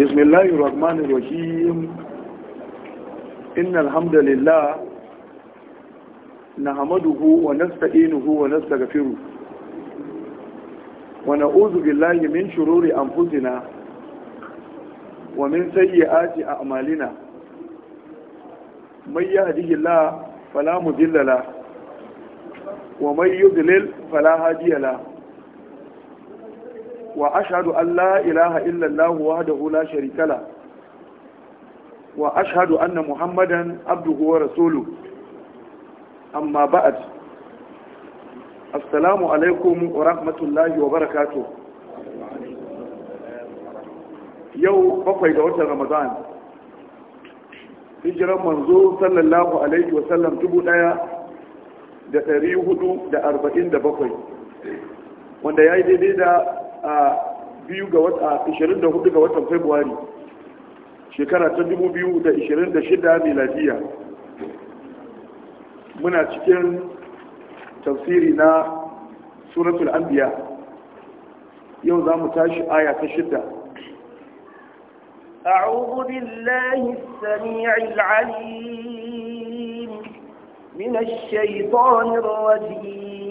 بسم الله الرحمن الرحيم إن الحمد لله نحمده ونستعينه ونستغفره ونعوذ بالله من شرور أنفسنا ومن سيئات أعمالنا من يهده الله فلا مذل له ومن يذلل فلا هادي له wa ashadu an la ilaha illallah wa da hula wa ashadu anna muhammadan abduhu rasulu amma ba'ad assalamu alaikum wa rahmatullahi wa barakatuh yau bakwai ga watan ramadan hijiran manzo sallallahu alaihi wa sallam dubu daya da 447 wanda ya yi daidai da 24 ga watan februari shekara ta 2026 miladiya muna cikin tafsiri na suratul anbiya yau za mu tashi aya ta shidda أعوذ بالله السميع العليم من الشيطان الرجيم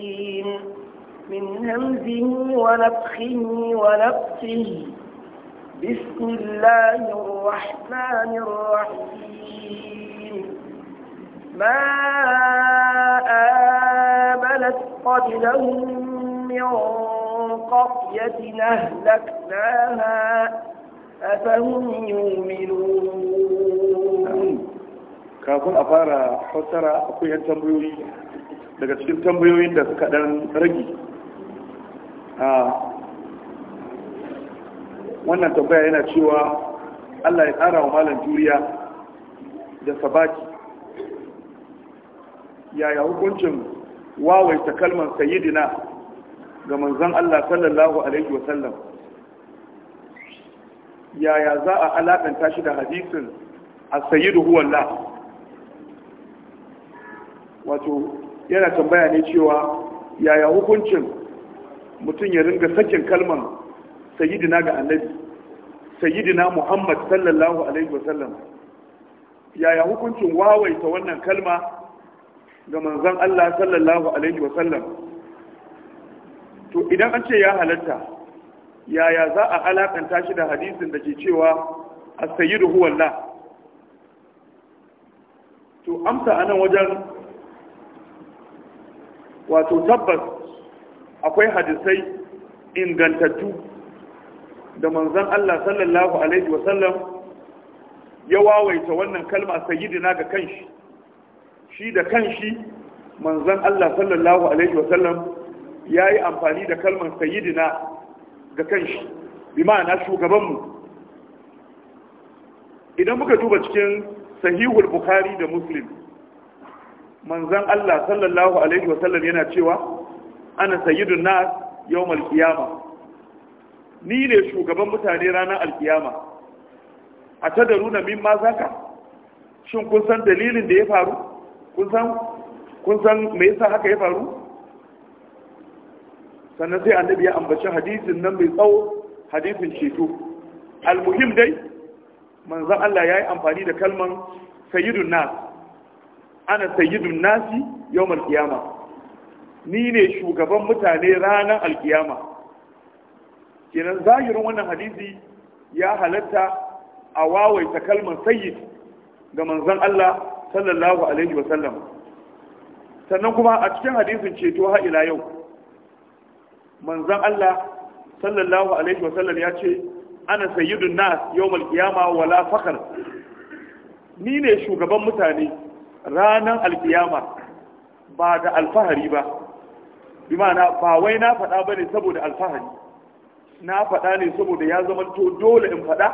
من همزه ونفخه ونفسه بسم الله الرحمن الرحيم ما آمنت قبلهم من قرية أهلكناها أفهم يؤمنون كافر أفارا حسرا fassara akwai 'yan tambayoyi daga cikin tambayoyin da wannan tambaya yana cewa Allah ya tsara wa malam juriya da sabaki yaya hukuncin wawaita kalmar sayidina ga manzon Allah sallallahu alaihi wasallam yaya za a alaƙanta shi da hadisin a sayidu huwalla? wato yana tambaya ne cewa yaya hukuncin mutum ya ringa sakin kalman sayyidina ga annabi sayyidina muhammad sallallahu alaihi wasallam yaya hukuncin wawaita wannan kalma ga manzon Allah sallallahu alaihi wasallam to idan an ce ya halatta yaya za a alakanta shi da hadisin da ke cewa as-sayyidu huwa to amsa anan wajen wato tabbas akwai hadisai ingantattu da manzon Allah sallallahu alaihi wasallam ya wawaita wannan kalma sayyidina ga kanshi shi da kanshi manzon Allah sallallahu alaihi wasallam ya yi amfani da kalmar sayyidina ga kanshi bi ma'ana shugabanmu idan muka duba cikin sahihul bukhari da muslim manzon Allah sallallahu alaihi wasallam yana cewa ana sayidun na yau Malkiyama. ni ne shugaban mutane ranar alkiyama a tadaruna mimma ka? shin kun san dalilin da ya faru kun san mai yasa haka ya faru sannan sai annabi ya ambaci hadisin nan mai tsawo hadisin ceto almuhim dai manzon Allah ya yi amfani da kalman sayidun na, ana sayidun nasi yau Malkiyama. ni ne shugaban mutane ranar alkiyama kenan zahirin wannan hadisi ya halatta a wawaita kalmar sayyid ga manzon Allah sallallahu alaihi wasallam sannan kuma a cikin hadisin ceto har ila yau manzon Allah sallallahu alaihi wasallam ya ce ana sayyidun nas yawm alkiyama wala fakhr ni ne shugaban mutane ranar alkiyama ba da alfahari ba bi ma'ana ba wai na faɗa ba ne saboda alfahari na faɗa ne saboda ya zama to dole in faɗa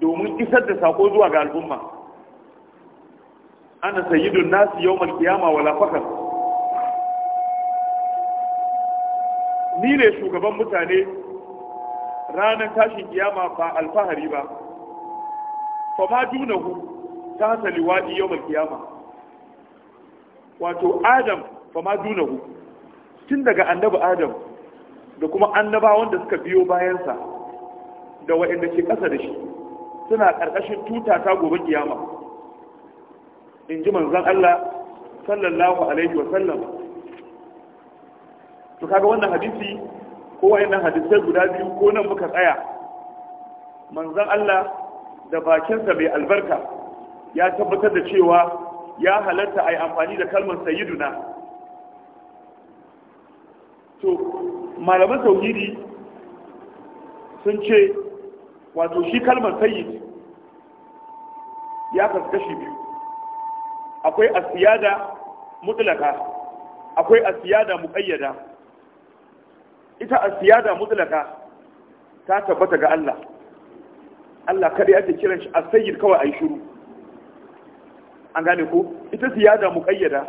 domin isar da sako zuwa ga al'umma ana sayyidun nasu yawmal kiyama wala fakar ni ne shugaban mutane ranar tashin kiyama ba alfahari ba fama dunahu ta hasali waɗi yawmal kiyama wato adam fama dunahu tun daga annabi adam da kuma annaba wanda suka biyo bayansa da wa'inda ke kasa da shi suna ƙarƙashin tuta ta gobe kiyama in ji manzan Allah sallallahu alaihi wa sallam kaga wannan hadisi ko wayannan hadisai guda biyu ko nan muka tsaya manzan Allah da bakinsa mai albarka ya tabbatar da cewa ya halatta a yi amfani da kalmar sayiduna to malaman tauhidi sun ce wato shi kalmar sayyid ya kaskashi biyu akwai asiyada mutlaka akwai asiyada muqayyada ita asiyada mutlaka ta tabbata ga Allah Allah kada ya ce kiran shi asayyid kawai yi shiru an gane ko ita siyada muqayyada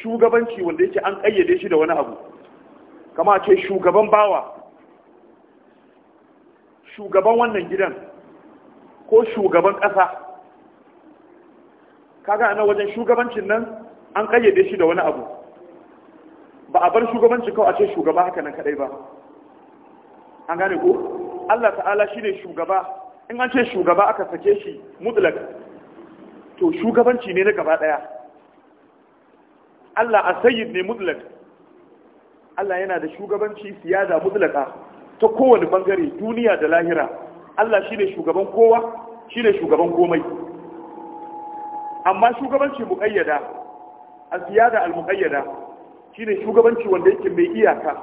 shugabanci wanda yake an ƙayyade shi da wani abu kama ce shugaban bawa shugaban wannan gidan ko shugaban ƙasa kaga ana wajen shugabancin nan an kayyade shi da wani abu ba a bar shugabanci kawai a ce shugaba haka nan kadai ba an gane ko Allah ta'ala shine shugaba in an ce shugaba aka sake shi mutlak to shugabanci ne na gaba daya Allah a sayyid ne mutlak Allah yana da shugabanci siyasa mutlaka ta kowane bangare duniya da lahira Allah shine shugaban kowa shine shugaban komai amma shugabanci muƙayyada a siyasa al-muƙayyada shine shugabanci wanda yake mai iyaka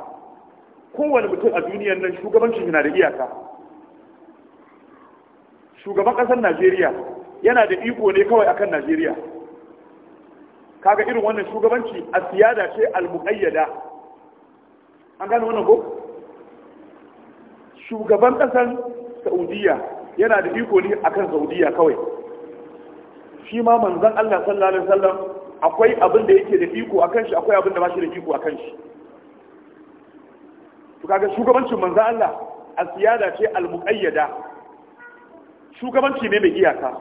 kowane mutum a duniyar nan shugabancin yana da iyaka shugaban ƙasar Najeriya yana da iko ne kawai akan Najeriya kaga irin wannan shugabanci a siyada ce al-muƙayyada an gane wannan ko shugaban kasar saudiya yana da iko ne akan saudiya kawai shi ma manzan allah sallallahu alaihi wasallam akwai abin da yake da iko akan shi akwai abin da ba shi da iko akan shi to kaga shugabancin manzan allah a siyada ce al-muqayyada shugabanci ne mai iyaka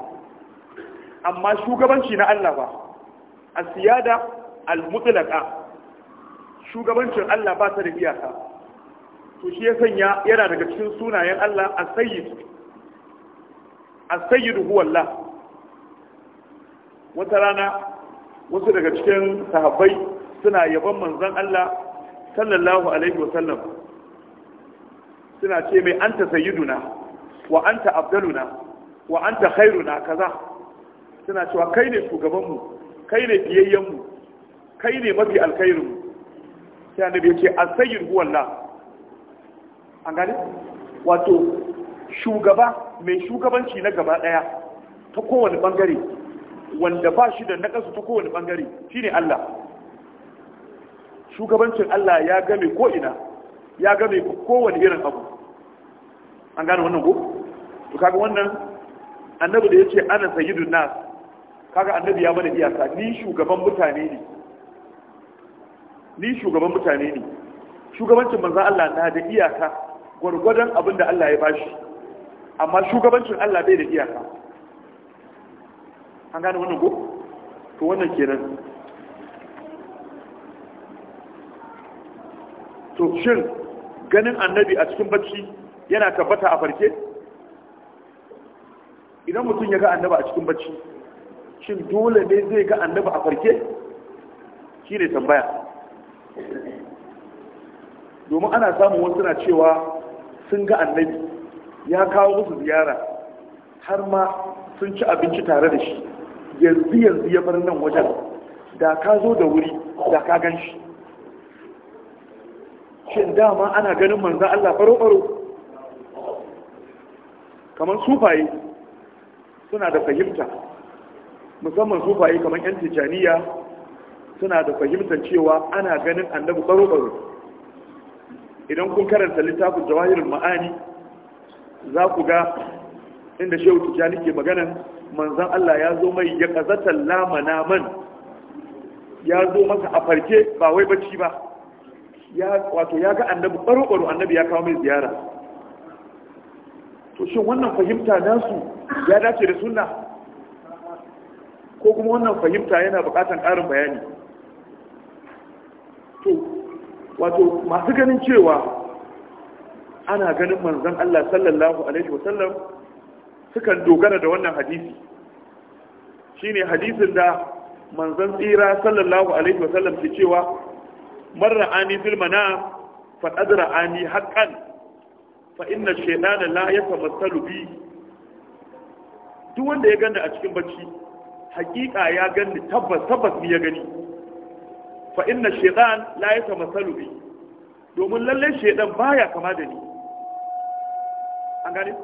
amma shugabanci na allah ba a siyada al-mutlaqa shugabancin Allah ba ta da iyaka to shi ya sanya yana daga cikin sunayen Allah as-sayyid as-sayyid huwa Allah wata rana wasu daga cikin sahabbai suna yabon manzon Allah sallallahu alaihi wasallam suna ce mai anta sayyiduna wa anta abdaluna wa anta khairuna kaza suna cewa kai ne shugabanmu kai ne biyayyenmu kai ne mafi alkhairinmu sai annabi ya ce as-sayyid huwa Allah an gane wato shugaba mai shugabanci na gaba daya ta kowane bangare wanda ba shi da nakasu ta kowane bangare shine Allah shugabancin Allah ya game ko ina ya game kowane irin abu an gane wannan ko to kaga wannan annabi da yace ana sayyidun nas kaga annabi ya mana iyaka ni shugaban mutane ne ni shugaban mutane ne shugabancin manzan Allah na da iyaka gwargwadon abin da Allah ya bashi amma shugabancin Allah bai da iyaka an gane wannan ko to wannan kenan to shin ganin annabi a cikin bacci yana tabbata a farke idan mutum ya ga annaba a cikin bacci shin dole ne zai ga annaba a farke shi ne tambaya domin ana samun wasu na cewa sun ga annabi ya kawo musu ziyara har ma sun ci abinci tare da shi yanzu yanzu ya bar nan wajen da ka zo da wuri da ka gan shi shin dama ana ganin manzan Allah faro-faro kamar sufaye suna da fahimta musamman sufaye kamar 'yan tijjaniya suna da fahimtar cewa ana ganin annabi baro-baro idan kun karanta littafin jawahirin ma'ani za ku ga inda shehu tijjani ke maganan manzan Allah ya zo mai ya kazatar lamana man ya zo masa a farke ba wai bacci ba wato ya ga annabi baro-baro annabi ya kawo mai ziyara to shin wannan fahimta nasu ya dace da sunna ko kuma wannan fahimta yana bukatan ƙarin bayani to wato masu ganin cewa ana ganin manzon Allah sallallahu alaihi wasallam sukan dogara da wannan hadisi shine hadisin da manzon tsira sallallahu alaihi wasallam ke cewa marra ani fil mana fa qadra ani haqqan fa inna shaytana la yatamassalu bi duk wanda ya ganda a cikin bacci haƙiƙa ya gani tabbas tabbas ni ya gani fa inna shaytan la masalu bi domin lalle shaytan baya kama da ni an gane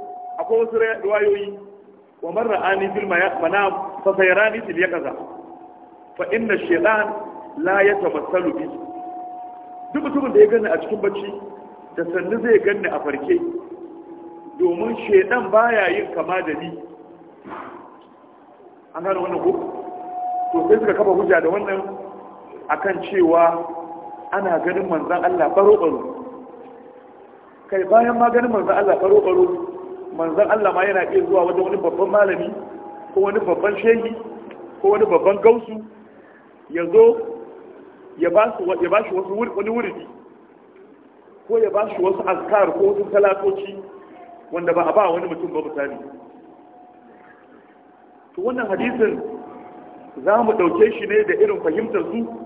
akwai wasu riwayoyi wa man ra'ani fil manam fa sayrani fil yakaza fa inna shaytan la masalu bi duk mutumin da ya ganni a cikin bacci da sannu zai ganni a farke domin shaidan baya yin kama da ni an gane wannan ko to sai suka kafa hujja da wannan akan cewa ana ganin manzan Allah baro-baro kai bayan ma ganin manzan Allah baro-baro manzan Allah ma yana iya zuwa wajen wani babban malami ko wani babban shehi ko wani babban gausu ya zo ya ba shi wasu wani wuridi ko ya ba shi wasu azkar ko wasu talatoci wanda ba a ba wani mutum ba misali to wannan hadisin za mu ɗauke shi ne da irin fahimtar su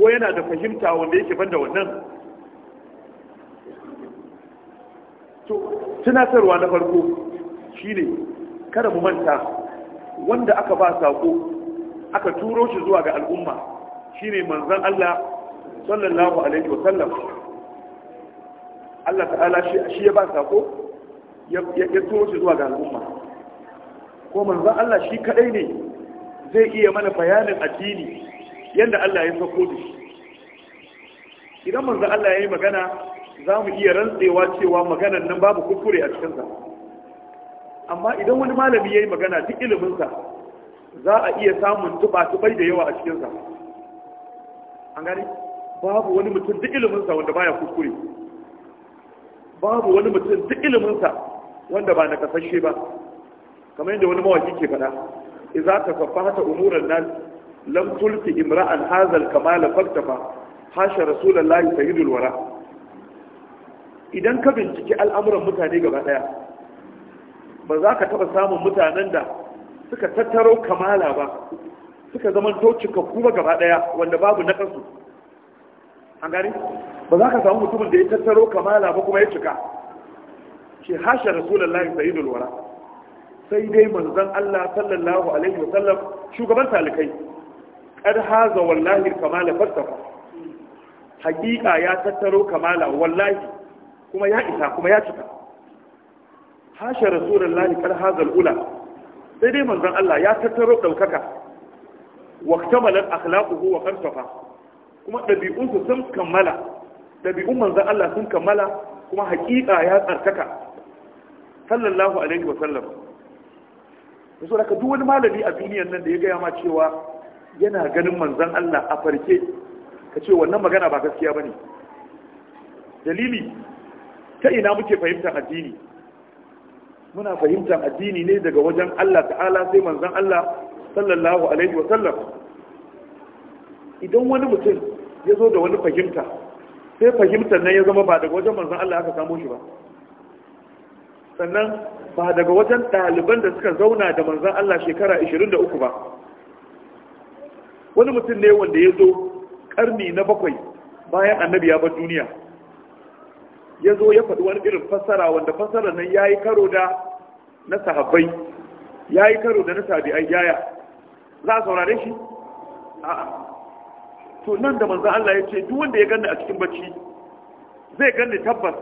ko yana da fahimta wanda yake banda wannan to tunatarwa na farko shine kada mu manta wanda aka ba sako aka turo shi zuwa ga al'umma shine manzon Allah sallallahu alaihi wasallam Allah ta'ala shi ya ba sako ya turo shi zuwa ga al'umma ko manzon Allah shi kadai ne zai iya mana bayanin addini yadda Allah ya sako da shi idan manzo Allah ya yi magana za mu iya rantsewa cewa maganar nan babu kukure a cikinsa amma idan wani malami ya yi magana duk iliminsa za a iya samun tuba-tubai da yawa a cikinsa an gani babu wani mutum duk iliminsa wanda baya kukure. babu wani mutum duk iliminsa wanda ba na kasashe ba kamar yadda wani mawaki ke faɗa idza kasafata umuran nan lam tulki imra'an hazal kamala faktafa hasha rasulullahi sayyidul wara idan ka binciki al'amuran mutane gaba daya ba za ka taba samun mutanen da suka tattaro kamala ba suka zama to cikakku gaba daya wanda babu na kansu an gani ba za ka samu mutumin da ya tattaro kamala ba kuma ya cika ce hasha rasulullahi sayyidul wara sai dai manzon Allah sallallahu alaihi wa sallam shugaban talikai kad haza wallahi kamala fartafa hakika ya tattaro kamala wallahi kuma ya isa kuma ya cika hasha rasulullahi kad haza alula sai dai manzon Allah ya tattaro daukaka waktamalat akhlaquhu wa fartafa kuma dabi'unsu sun kammala dabi'un manzon Allah sun kammala kuma hakika ya tsarkaka sallallahu alaihi wa sallam yaso da duk wani malami a duniyar nan da ya gaya ma cewa yana ganin manzan Allah a farke ka ce wannan magana ba gaskiya ba ne dalili ta ina muke fahimtar addini muna fahimtar addini ne daga wajen Allah ta'ala sai manzan Allah sallallahu alaihi wa sallam idan wani mutum ya zo da wani fahimta sai fahimtar nan ya zama ba daga wajen manzan Allah aka samu shi ba sannan ba daga wajen ɗaliban da suka zauna da manzan Allah shekara 23 ba wani mutum ne wanda ya zo karni na bakwai bayan annabi ya bar duniya ya zo ya faɗi wani irin fassara wanda fassara nan ya yi karo da na sahabbai ya yi karo da na tabi'ai yaya za a saurare shi a'a to nan da manzan Allah ya ce duk wanda ya ganni a cikin bacci zai ganni tabbas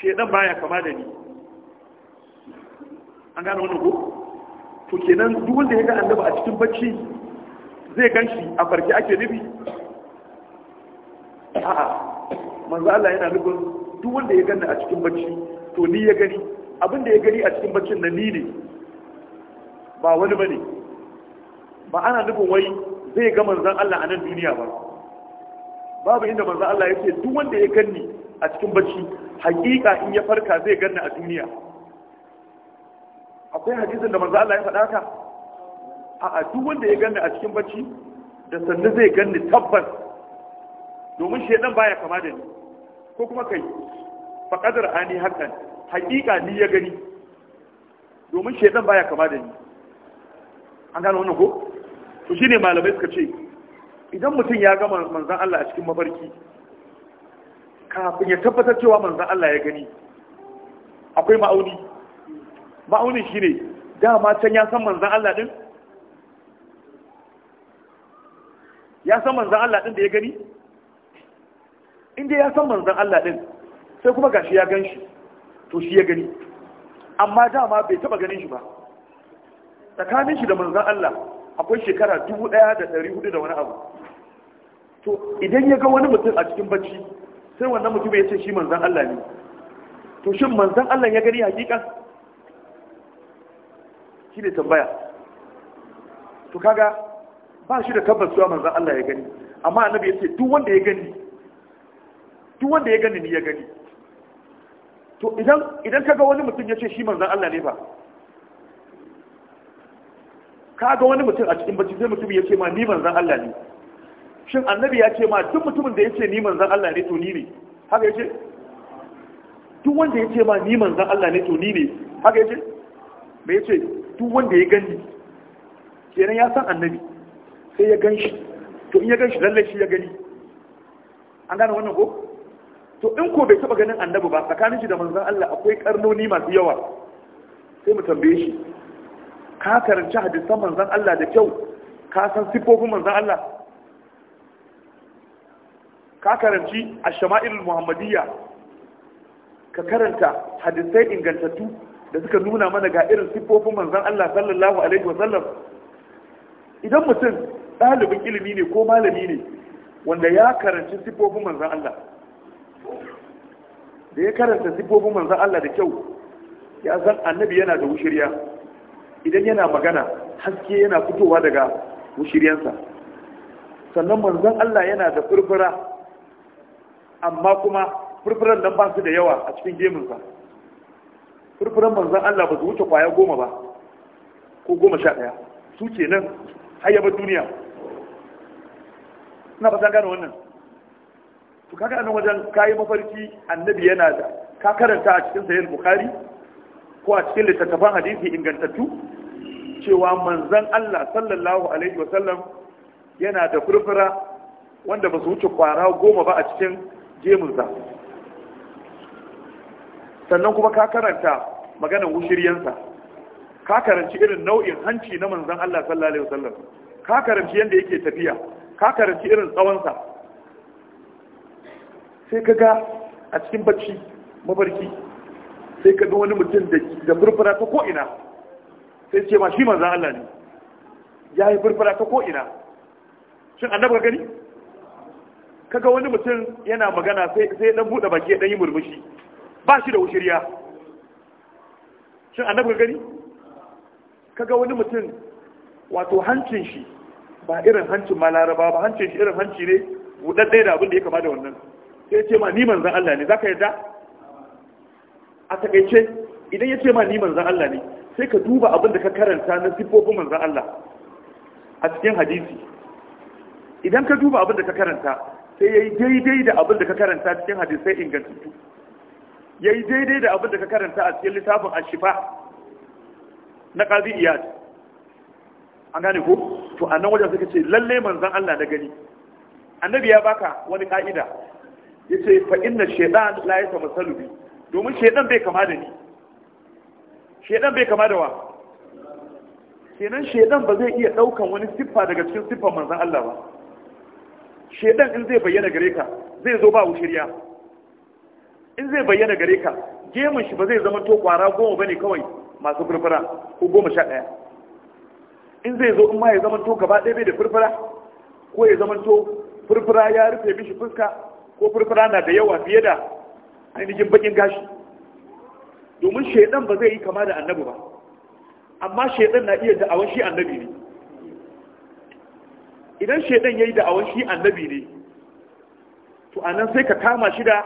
shedan baya kama da ni an gane wannan ko to kenan duk wanda ya ga annabi a cikin bacci zai gan shi a farki ake nufi a'a manzo Allah yana nufin duk wanda ya gani a cikin bacci to ni ya gani abin da ya gani a cikin baccin na ni ne ba wani bane ba ana nufin wai zai ga manzon Allah a nan duniya ba babu inda manzon Allah yake duk wanda ya ganni a cikin bacci hakika in ya farka zai gani a duniya akwai hadisin da manzon Allah ya faɗa ka a duk wanda ya ganni a cikin bacci da sannu zai ganni tabbas domin shedan baya kama da ni ko kuma kai fa qadar ani hakan haƙiƙa ni ya gani domin shedan baya kama da ni an gano wannan ko to shine malamai suka ce idan mutum ya gama manzon Allah a cikin mafarki kafin ya tabbatar cewa manzon Allah ya gani akwai ma'auni Ma'auni shine dama can ya san manzon Allah din ya san manzan Allah ɗin da ya gani inda ya san manzan Allah ɗin sai kuma gashi ya gan shi to shi ya gani amma dama bai taba ganin shi ba tsakanin shi da manzan Allah akwai shekara dubu ɗaya da wani abu to idan ya ga wani mutum a cikin bacci sai wannan mutum ya ce shi manzan Allah ne to shin manzan Allah ya gani hakika shi ne tambaya to kaga ba shi da tabbas zuwa manzan Allah ya gani amma annabi ya ce duk wanda ya gani duk wanda ya gani ni ya gani to idan idan kaga wani mutum ya ce shi manzan Allah ne ba kaga wani mutum a cikin bacci sai mutum ya ce ma ni manzan Allah ne shin annabi ya ce ma duk mutumin da ya ce ni manzan Allah ne to ni ne haka ya ce duk wanda ya ce ma ni manzan Allah ne to ni ne haka ya ce me ya ce duk wanda ya gani kenan ya san annabi sai ya gan shi to in ya gan shi lallai shi ya gani an gane wannan ko to in ko bai taba ganin annabi ba tsakanin shi da manzon Allah akwai karnoni masu yawa sai mu tambaye shi ka karanci hadisan manzon Allah da kyau ka san sifofin manzon Allah ka karanci ash-shama'il muhammadiyya ka karanta hadisai ingantattu da suka nuna mana ga irin siffofin manzan Allah sallallahu Alaihi wa sallam? idan mutum ɗalibin ilimi ne ko malami ne wanda ya karanci sifofin manzan Allah da ya karanta sifofin manzan Allah da kyau ya zan annabi yana da wushirya idan yana magana haske yana fitowa daga wushiryansa sannan manzan Allah yana da furfura amma kuma furfuran nan ba su da yawa a cikin geminsa furfuran manzan Allah ba su wuce kwaya goma ba ko goma sha ɗaya su ke nan hayyabar duniya suna ba san gane wannan to kaga anan wajen kayi mafarki annabi yana da ka karanta a cikin sahih bukhari ko a cikin littattafan hadisi ingantattu cewa manzon Allah sallallahu alaihi wa sallam yana da furfura wanda ba su wuce kwara goma ba a cikin gemunsa sannan kuma ka karanta maganar wushiryansa ka karanci irin nau'in hanci na manzon Allah sallallahu alaihi wa sallam? ka karanci yanda yake tafiya ka karanci irin tsawonsa sai ka ga a cikin bacci mafarki sai ka ga wani mutum da furfura ta ko'ina sai ce ma shi maza Allah ne ya yi furfura ta ko'ina shin an ka gani kaga wani mutum yana magana sai dan buɗe baki dan yi murmushi ba shi da wushiriya shin an ka gani kaga wani mutum wato hancin shi ba irin hancin ma laraba ba hancin shi irin hanci ne buɗaɗɗe da abin da ya kama da wannan sai ce ma ni manzan Allah ne za ka yarda a takaice idan ya ce ma ni manzan Allah ne sai ka duba abin da ka karanta na sifofin manzan Allah a cikin hadisi idan ka duba abin da ka karanta sai ya yi daidai da abin da ka karanta cikin hadisai ingantattu ya yi daidai da abin da ka karanta a cikin littafin ashifa na ƙazi iyad an gane ko to a nan wajen suka ce lalle manzan Allah na gani annabi ya baka wani ka'ida ya ce fa inna shaidan la ya samu salubi domin shaidan bai kama da ni shaidan bai kama da wa kenan shaidan ba zai iya daukan wani siffa daga cikin siffan manzan Allah ba shaidan in zai bayyana gare ka zai zo ba wushiriya in zai bayyana gare ka gemun shi ba zai zama to kwara goma bane kawai masu furfura ko goma sha ɗaya in zai zo in ma ya zamanto gaba ɗaya bai da furfura ko ya zamanto furfura ya rufe mishi fuska ko furfura na da yawa fiye da ainihin bakin gashi domin shaidan ba zai yi kama da annabi ba amma shaidan na iya da'awar shi annabi ne idan shaidan ya yi da'awar shi annabi ne to anan sai ka kama shi da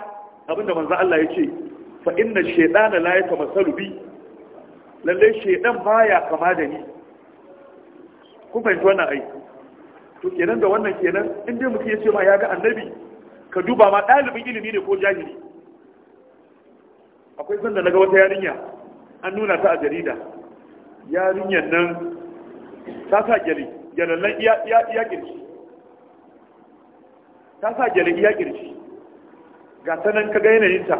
abinda manzo Allah ya ce fa inna shaidana la yatamassalu bi lalle shaidan baya kama da ni kun fahimci wannan ai to kenan da wannan kenan in dai mutum ya ce ma ya ga annabi ka duba ma ɗalibin ilimi ne ko jahili akwai sanda na ga wata yarinya an nuna ta a jarida yarinyar nan ta sa gyale gyalallan iya kirci ta sa gyale iya kirci ga sanan ka ga yanayinta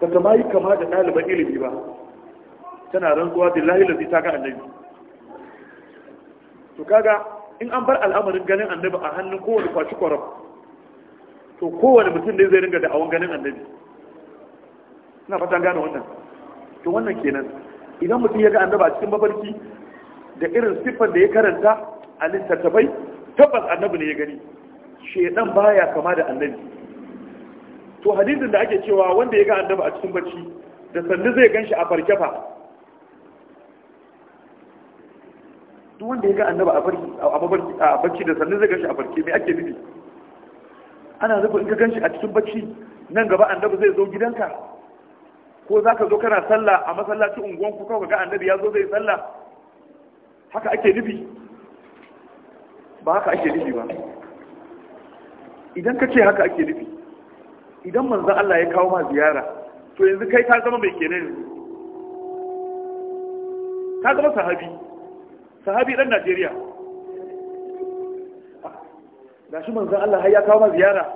ba ta ma yi kama da ɗaliban ilimi ba tana rantsuwa billahi lazi ta ga annabi to kaga in an bar al'amarin ganin annabi a hannun kowane kwaci kwaram to kowane mutum ne zai ringa da awon ganin annabi ina fatan gane wannan to wannan kenan idan mutum ya ga annabi a cikin mafarki da irin siffar da ya karanta a littattafai tabbas annabi ne ya gani shedan baya kama da annabi to hadisin da ake cewa wanda ya ga annabi a cikin bacci da sannu zai gan shi a farke duk wanda ya ga annaba a bacci da sannan zai gashi a farki mai ake nufi ana zafi in ka ganshi a cikin bacci nan gaba annabi zai zo gidanka ko za ka zo kana sallah a masallacin unguwanku kawai ga annabi ya zo zai sallah haka ake nufi ba haka ake nufi ba idan ka ce haka ake nufi idan manzo Allah ya kawo ma ziyara to yanzu kai ka zama mai kenan ka zama sahabi sahabi dan Najeriya shi manzan Allah har ya kawo ma ziyara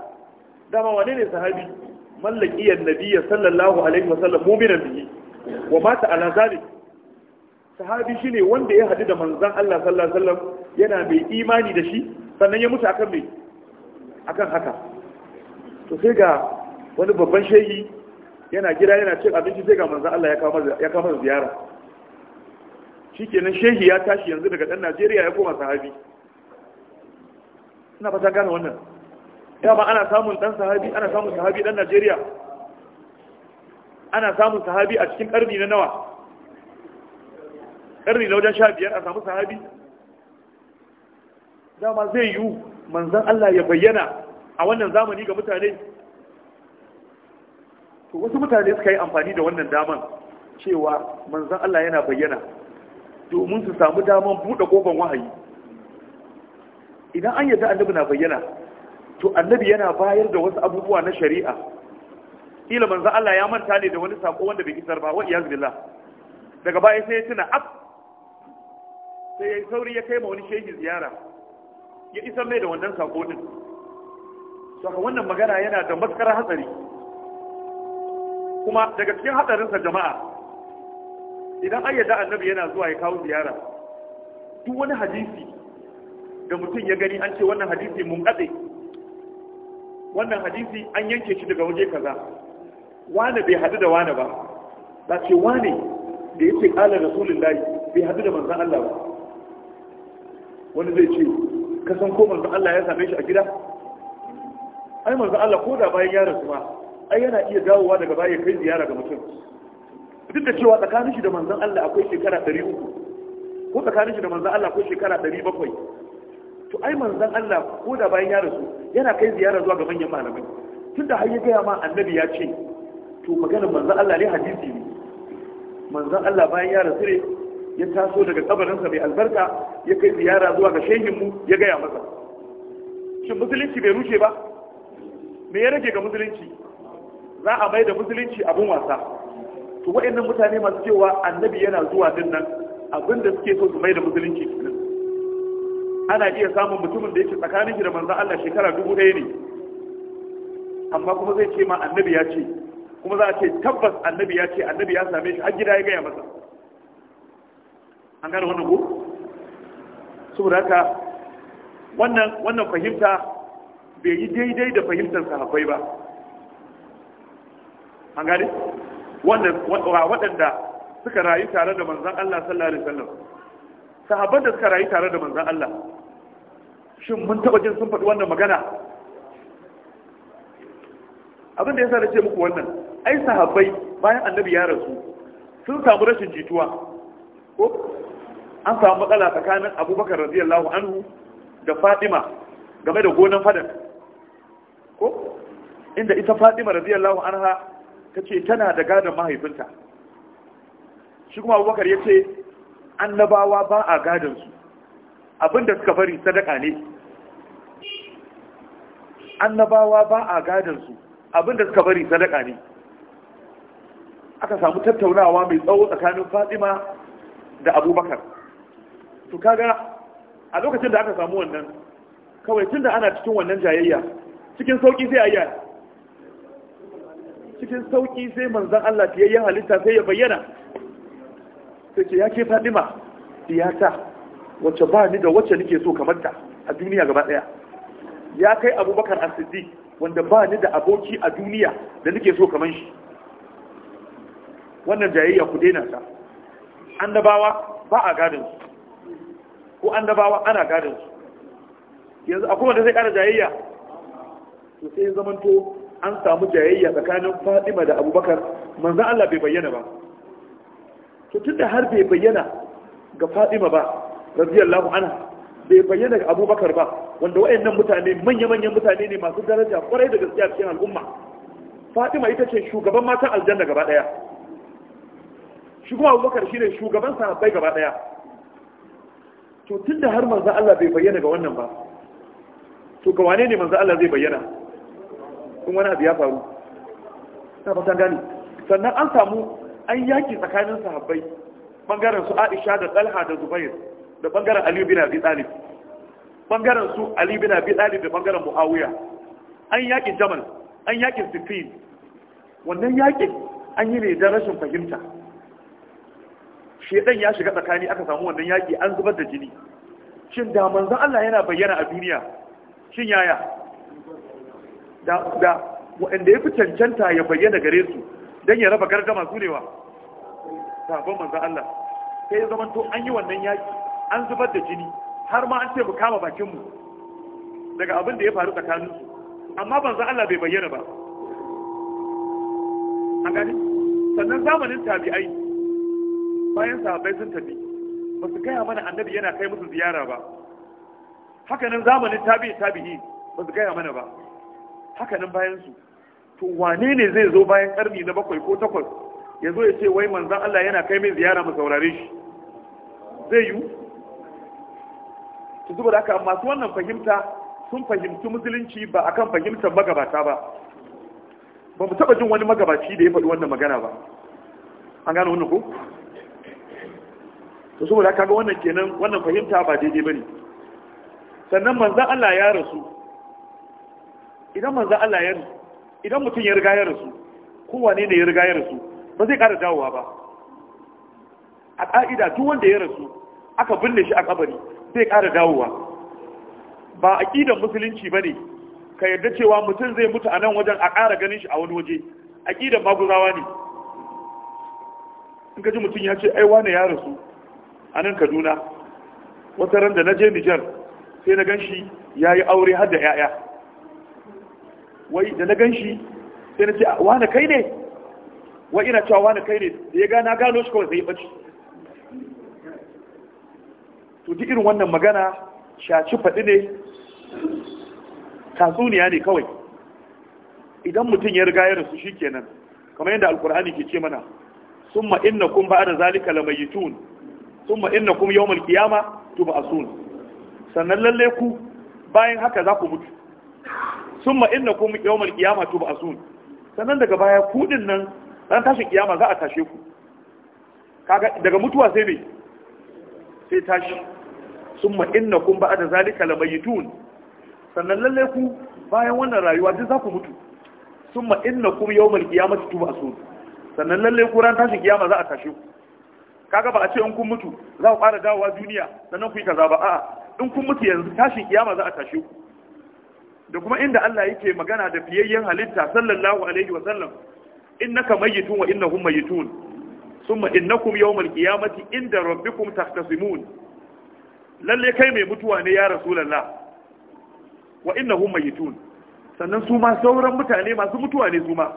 dama wane ne sahabi mallaki annabi sallallahu alaihi wasallam mu'minan bihi wa mata ala zalik sahabi shine wanda ya hadu da manzan Allah sallallahu alaihi wasallam yana mai imani da shi sannan ya mutu akan mai akan haka to sai ga wani babban shehi yana gida yana cin abinci sai ga manzan Allah ya kawo ziyara shikenan shehi ya tashi yanzu daga dan Najeriya ya koma sahabi ina fata gane wannan ya ba ana samun dan sahabi ana samun sahabi dan Najeriya ana samun sahabi a cikin karni na nawa karni na wajen sha biyar a samu sahabi dama zai yiwu manzan Allah ya bayyana a wannan zamani ga mutane to wasu mutane suka yi amfani da wannan daman cewa manzan Allah yana bayyana domin su samu daman buɗe kofar wahayi idan an yadda annabi na bayyana to annabi yana bayar da wasu abubuwa na shari'a ila manzo Allah ya manta ne da wani sako wanda bai isar ba wa billah daga baya sai ya tuna ab sai yayi sauri ya kai ma wani shehi ziyara ya isar mai da wannan sako din saka wannan magana yana da maskar hatsari kuma daga cikin hatsarinsa jama'a idan an yadda annabi yana zuwa ya kawo ziyara duk wani hadisi da mutum ya gani an ce wannan hadisi mun katse wannan hadisi an yanke shi daga waje kaza wane bai hadu da wane ba za ce wane da ya ce kala rasulullahi bai hadu da manzan Allah ba wani zai ce kasan ko manzan Allah ya same shi a gida ai manzan Allah ko da bayan ya rasu ma ai yana iya dawowa daga baya kai ziyara ga mutum duk da cewa tsakanin shi da manzan Allah akwai shekara 300 ko tsakanin shi da manzan Allah akwai shekara 700 to ai manzan Allah ko da bayan ya rasu yana kai ziyara zuwa ga manyan malamai tunda har ya gaya ma annabi ya ce to maganar manzan Allah ne hadisi ne manzan Allah bayan ya rasu ne ya taso daga kabarinsa mai albarka ya kai ziyara zuwa ga shehinmu ya gaya masa shin musulunci bai rushe ba me ya rage ga musulunci za a mai da musulunci abin wasa to waɗannan mutane masu cewa annabi yana zuwa din nan abinda suke so su mai da musulunci kenan ana iya samun mutumin da yake tsakanin shi da manzon Allah shekara dubu ɗaya ne amma kuma zai ce ma annabi ya ce kuma za a ce tabbas annabi ya ce annabi ya same shi har gida ya gaya masa an gane wannan ko saboda haka wannan wannan fahimta bai yi daidai da fahimtar sahabbai ba an gane waɗanda suka rayu tare da manzan Allah sallallahu alaihi wasallam sahabban da suka rayu tare da manzan Allah shin mun taɓa jin sun faɗi wannan magana abin da yasa na ce muku wannan ai sahabbai bayan annabi ya rasu sun samu rashin jituwa ko an samu matsala tsakanin abubakar radiyallahu anhu da fatima game da gonan fadan ko inda ita fatima radiyallahu anha ta ce tana da gadon mahaifinta shi kuma abubakar ya ce annabawa ba a gadonsu abinda suka bari sadaka ne annabawa ba a gadonsu abinda suka bari sadaka ne aka samu tattaunawa mai tsawo tsakanin fatima da abubakar to kaga a lokacin da aka samu wannan kawai tun da ana cikin wannan jayayya cikin sauƙi zai a yi cikin sauƙi sai manzan Allah yi halitta sai ya bayyana sai ce ya ke fadima fiyata wacce ba ni da wacce nike so kamar ta a duniya gaba ɗaya ya kai abubakar asidi wanda ba ni da aboki a duniya da nike so kamar shi wannan jayayya ku daina ta annabawa ba a gadin su ko annabawa ana gadin su yanzu akwai wanda zai ƙara jayayya to sai zamanto an samu jayayya tsakanin fadima da Abubakar manzan Allah bai bayyana ba to tunda har bai bayyana ga fadima ba radiyallahu anha bai bayyana ga Abubakar ba wanda wayannan mutane manya-manyan mutane ne masu daraja kwarai da gaskiya cikin al'umma fadima ita ce shugaban matan aljanna gaba daya shi kuma Abubakar shine shugaban sahabbai gaba daya to tunda har manzan Allah bai bayyana ga wannan ba to ga wane ne manzan Allah zai bayyana in wani abu ya faru ta fata gani sannan an samu an yaki tsakanin sahabbai bangaren su aisha da talha da zubair da bangaren ali bin abi talib bangaren su ali bin abi talib da bangaren muawiya an yaki jamal an yaki sifin wannan yaki an yi ne don rashin fahimta shedan ya shiga tsakani aka samu wannan yaki an zubar da jini shin da manzon Allah yana bayyana a duniya shin yaya da waɗanda ya fi cancanta ya bayyana gare su don ya raba gargama su ne wa sabon manzan Allah sai ya to an yi wannan yaki an zubar da jini har ma an ce mu kama bakinmu daga abin da ya faru tsakaninsu amma manzan Allah bai bayyana ba an gani sannan zamanin tabi'ai bayan sahabbai sun tafi ba su gaya mana annabi yana kai musu ziyara ba Haka nan zamanin tabi'i tabi'i ba su gaya mana ba hakanan bayan su to wane ne zai zo bayan karni na bakwai ko takwas ya zo ya ce wai manzan Allah yana kai mai ziyara mu saurare shi zai yiwu to saboda haka masu wannan fahimta sun fahimci musulunci ba akan fahimtar magabata ba ba mu taba jin wani magabaci da ya faɗi wannan magana ba an gane wannan ko to saboda ga wannan kenan wannan fahimta ba daidai bane sannan manzan Allah ya rasu idan manzo Allah ya idan mutum ya riga ya rasu kowane ne ya riga ya rasu ba zai ƙara dawowa ba a ƙa'ida duk wanda ya rasu aka binne shi a kabari zai ƙara dawowa ba aqidar musulunci bane ka yarda cewa mutum zai mutu a nan wajen a ƙara ganin shi a wani waje aqidar maguzawa ne in ka ji mutum ya ce ai wane ya rasu a nan Kaduna wata ran da na je Nijar sai na gan shi ya yi aure har da 'ya'ya wai da na gan shi sai na ce wane kai ne wai ina cewa wane kai ne da ya gana gano shi kawai zai bace to duk irin wannan magana shaci faɗi ne tatsuniya ne kawai idan mutum ya riga ya rasu shi kenan kamar yadda alkur'ani ke ce mana summa innakum ba'da zalika lamayitun summa innakum yawmal qiyama tub'asun sannan lalle ku bayan haka za ku mutu summa innakum yawmal qiyamati tub'asun sannan daga baya kudin nan ran tashin kiyama za a tashe ku kaga daga mutuwa sai me sai tashi summa innakum ba'da zalika lamaytun sannan lalle ku bayan wannan rayuwa duk za ku mutu summa innakum yawmal qiyamati tub'asun sannan lalle ku ran tashin kiyama za a tashe ku kaga ba a ce in kun mutu za ku fara dawowa duniya sannan ku yi kaza ba a'a in kun mutu yanzu tashin kiyama za a tashe ku da kuma inda Allah yake magana da fiyayyen halitta sallallahu alaihi wa sallam innaka mayyitun wa innahum mayyitun thumma innakum yawmal qiyamati inda rabbikum tahtasimun lalle kai mai mutuwa ne ya rasulullah wa innahum mayyitun sannan su ma sauran mutane masu mutuwa ne su ma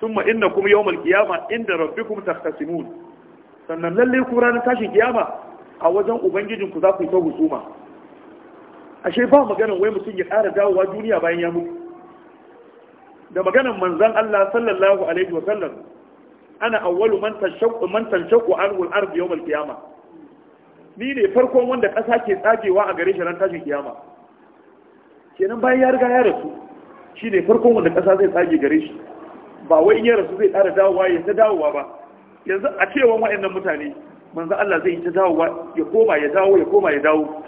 thumma innakum yawmal qiyama inda rabbikum tahtasimun sannan lalle ku ranar tashin kiyama a wajen ubangijinku za ku yi ta husuma ashe ba maganan wai mutum ya ƙara dawowa duniya bayan ya mutu da maganan manzan Allah sallallahu alaihi wa sallam ana awwalu man tashaqqu man tashaqqu anhu al yawm al ni ne farkon wanda ƙasa ke tsagewa a gare shi ran tashin kiyama kenan bayan ya riga ya rasu shine farkon wanda ƙasa zai tsage gare shi ba wai in ya rasu zai ƙara dawowa ya ta dawowa ba yanzu a cewa waɗannan mutane manzo Allah zai yi ta dawowa ya koma ya dawo ya koma ya dawo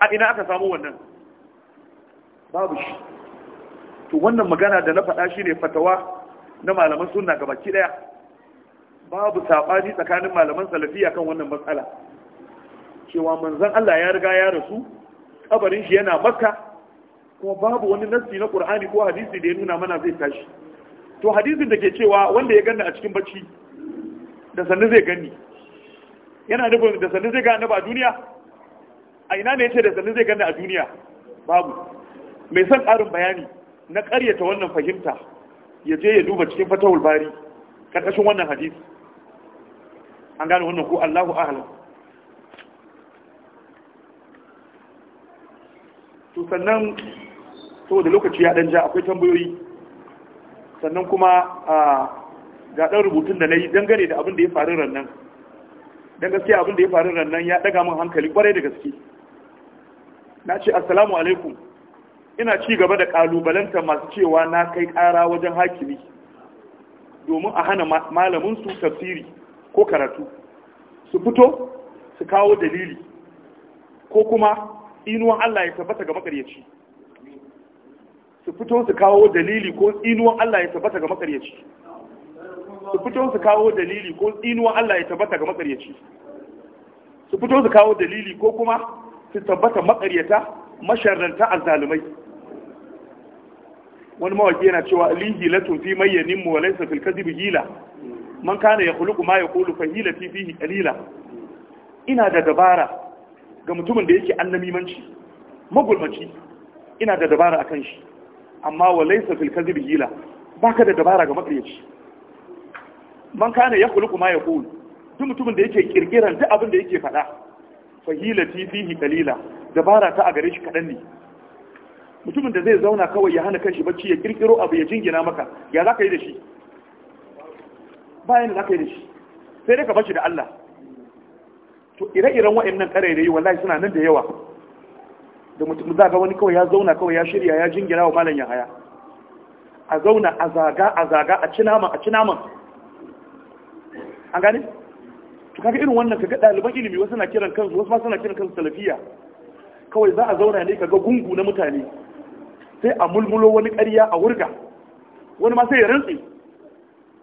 a ina aka samu wannan babu shi to wannan magana da na faɗa shi ne fatawa na malaman sunna ga baki ɗaya babu saɓani tsakanin malaman salafiya kan wannan matsala cewa manzan Allah ya riga ya rasu kabarin shi yana makka kuma babu wani nassi na ƙur'ani ko hadisi da ya nuna mana zai tashi to hadisin da ke cewa wanda ya ganna a cikin bacci da sannu zai ganni yana nufin da sannu zai ga annaba a duniya a ina ne ce da sannu zai ganni a duniya babu mai son ƙarin bayani na ƙaryata wannan fahimta ya je ya duba cikin fatawul bari karkashin wannan hadisi an gane wannan ko Allahu a'lam to sannan saboda lokaci ya dan ja akwai tambayoyi sannan kuma ga dan rubutun da nayi dangane da abin da ya faru rannan dan gaskiya abin da ya faru rannan ya ɗaga min hankali kwarai da gaske na ce assalamu alaikum ina ci gaba da kalubalanta masu cewa na kai kara wajen hakimi domin a hana malamin su tafsiri ko karatu su fito su kawo dalili ko kuma inuwan Allah ya tabbata ga makaryaci su fito su kawo dalili ko inuwan Allah ya tabbata ga makaryaci su fito su kawo dalili ko inuwan Allah ya tabbata ga makaryaci su fito su kawo dalili ko kuma su tabbata makaryata masharranta azzalumai wani mawaki yana cewa lihi latun fi mayyanin mu walaysa fil kadhibi hila man kana yakhluqu ma yaqulu fa hila fi fihi qalila ina da dabara ga mutumin da yake annamimanci magulmaci ina da dabara akan shi amma walaysa fil kadhibi hila baka da dabara ga makaryaci man kana yakhluqu ma yaqulu duk mutumin da yake kirkiran duk abin da yake faɗa fahilati fihi kalila dabara ta a gare shi kaɗan ne mutumin da zai zauna kawai ya hana kanshi bacci ya kirkiro abu ya jingina maka ya za ka yi da shi bayan da za ka yi da shi sai dai ka bashi da Allah to ire-iren waɗannan ƙarairayi wallahi suna nan da yawa da mutum za ga wani kawai ya zauna kawai ya shirya ya jingina wa malam ya haya a zauna a zaga a zaga a ci naman a ci naman an gani? to kaga irin wannan kaga ɗaliban ilimi wasu na kiran kansu wasu ma suna kiran kansu salafiya kawai za a zauna ne kaga gungu na mutane sai a mulmulo wani ƙarya a wurga wani ma sai ya rantsi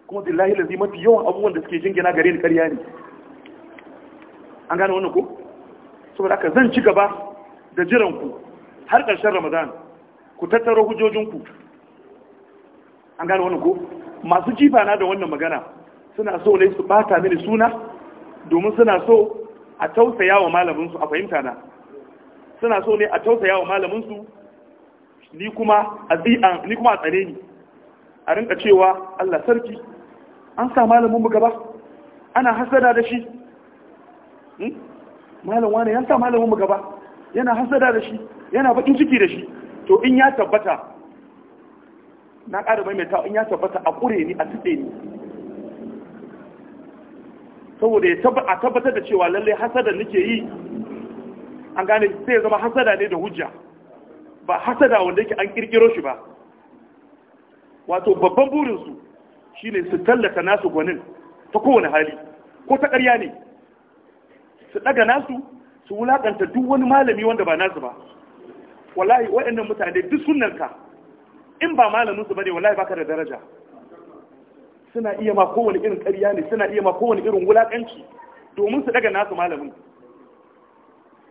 kuma billahi lazi mafi yawan abubuwan da suke jingina gare ni ƙarya ne an gane wannan ko saboda haka zan ci gaba da jiran ku har ƙarshen ramadan ku tattaro hujjojinku an gane wannan ko masu jifa na da wannan magana suna so ne su bata mini suna domin suna so a tausaya wa malaminsu a fahimta na suna so ne a tausaya wa malaminsu ni kuma a tsare ni a rinka cewa Allah sarki an sa malamin mu gaba ana hasada da shi hmm? malam wane ya sa malamin mu gaba yana hasada da shi yana bakin ciki da shi to in ya tabbata na ƙara maimaita in ya tabbata a ƙure ni a tuɗe ni saboda a tabbatar da cewa lallai hasada nake yi an gane sai zama hasada ne da hujja ba hasada wanda yake an kirkiro shi ba wato babban burinsu shine su tallata nasu gwanin ta kowane hali ko ta ƙarya ne su ɗaga nasu su wulaƙanta duk wani malami wanda ba nasu ba wallahi waɗannan mutane duk sunanka in ba malaminsu ba ne wallahi baka da daraja suna iya ma kowane irin ƙarya ne suna iya ma kowane irin wulaƙanci domin su daga nasu malamin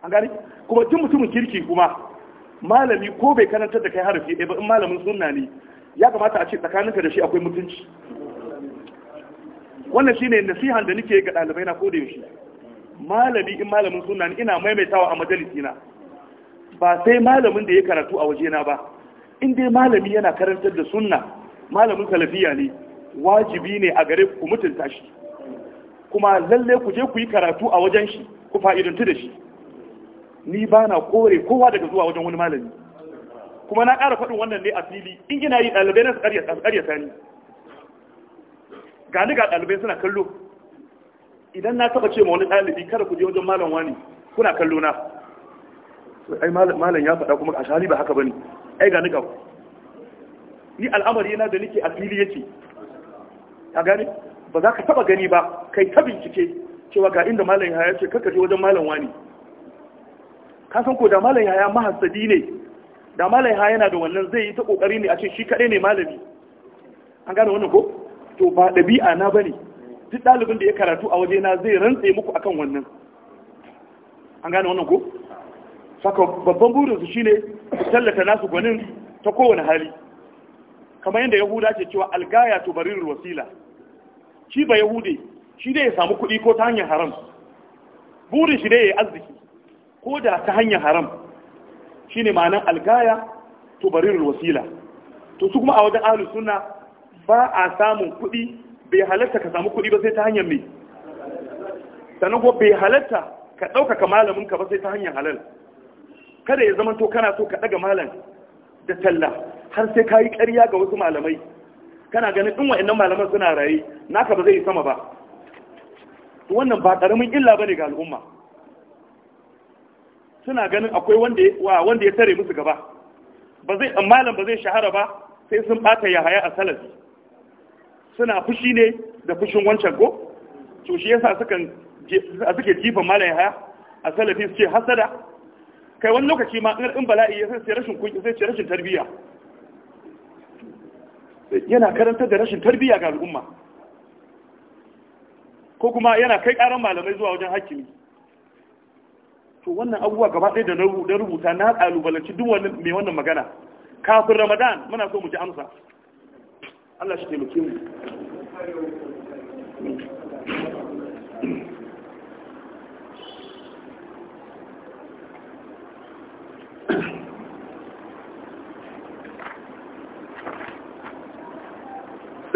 an gani kuma tun mutumin kirki kuma malami ko bai karantar da kai harafi ɗaya ba in malamin sunna ne ya kamata a ce tsakanin ka da shi akwai mutunci wannan shine nasihan da nake ga ɗalibai na koda yaushe malami in malamin sunna ne ina maimaitawa a majalisi na ba sai malamin da ya karatu a waje na ba in dai malami yana karantar da sunna malamin kalafiya ne wajibi ne a gare ku mutunta shi kuma lalle ku je ku yi karatu a wajen shi ku fa'idantu da shi ni ba na kore kowa daga zuwa wajen wani malami kuma na ƙara faɗin wannan ne a fili in gina yi ɗalibai na su ƙaryata ni gani ga ɗalibai suna kallo idan na taɓa ce ma wani ɗalibi kada ku je wajen malam wani kuna kallo na ai malam ya faɗa kuma a shari ba haka ba ne ai gani ga ni al'amari yana da nake a fili yake a gane ba za ka taba gani ba kai ta bincike cewa ga inda malam yaya ce kaka je wajen malam wani ka san ko da malam yaya mahasadi ne da malam yaya yana da wannan zai yi ta kokari ne a ce shi kaɗai ne malami an gane wannan ko to ba ɗabi'a na bane duk ɗalibin da ya karatu a waje na zai rantse muku akan wannan an gane wannan ko saka babban burinsu shine su tallata nasu gwanin ta kowane hali kamar yadda yahuda ke cewa algaya tubarirul wasila shi ba yahude shi dai ya samu kuɗi ko ta hanyar haram burin shi dai ya yi arziki ko da ta hanyar haram shi ne ma'anar algaya to bari wasila to su kuma a wajen ahalus suna ba a samun kuɗi bai halatta ka samu kuɗi ba sai ta hanyar mai sannan ko bai halatta ka ɗaukaka malamin ka ba sai ta hanyar halal kada ya zama to kana so ka ɗaga malam da talla har sai ka yi ƙarya ga wasu malamai kana ganin in wa'annan malaman suna raye naka ba zai yi sama ba wannan ba karamin illa bane ga al'umma suna ganin akwai wanda wa wanda ya tare musu gaba ba zai malam ba zai shahara ba sai sun bata yahaya a salafi suna fushi ne da fushin wancan ko to shi yasa sukan suke jifa malam yahaya a salafi suke hasada kai wani lokaci ma in bala'i ya sai rashin kunya sai rashin tarbiyya yana karantar da rashin tarbiyya ga al'umma ko kuma yana kai karan malamai zuwa wajen hakimi to wannan abubuwa gaba ɗaya da na rubuta na kalubalanci duk wani mai wannan magana kafin ramadan muna so mu ji amsa Allah shi taimake mu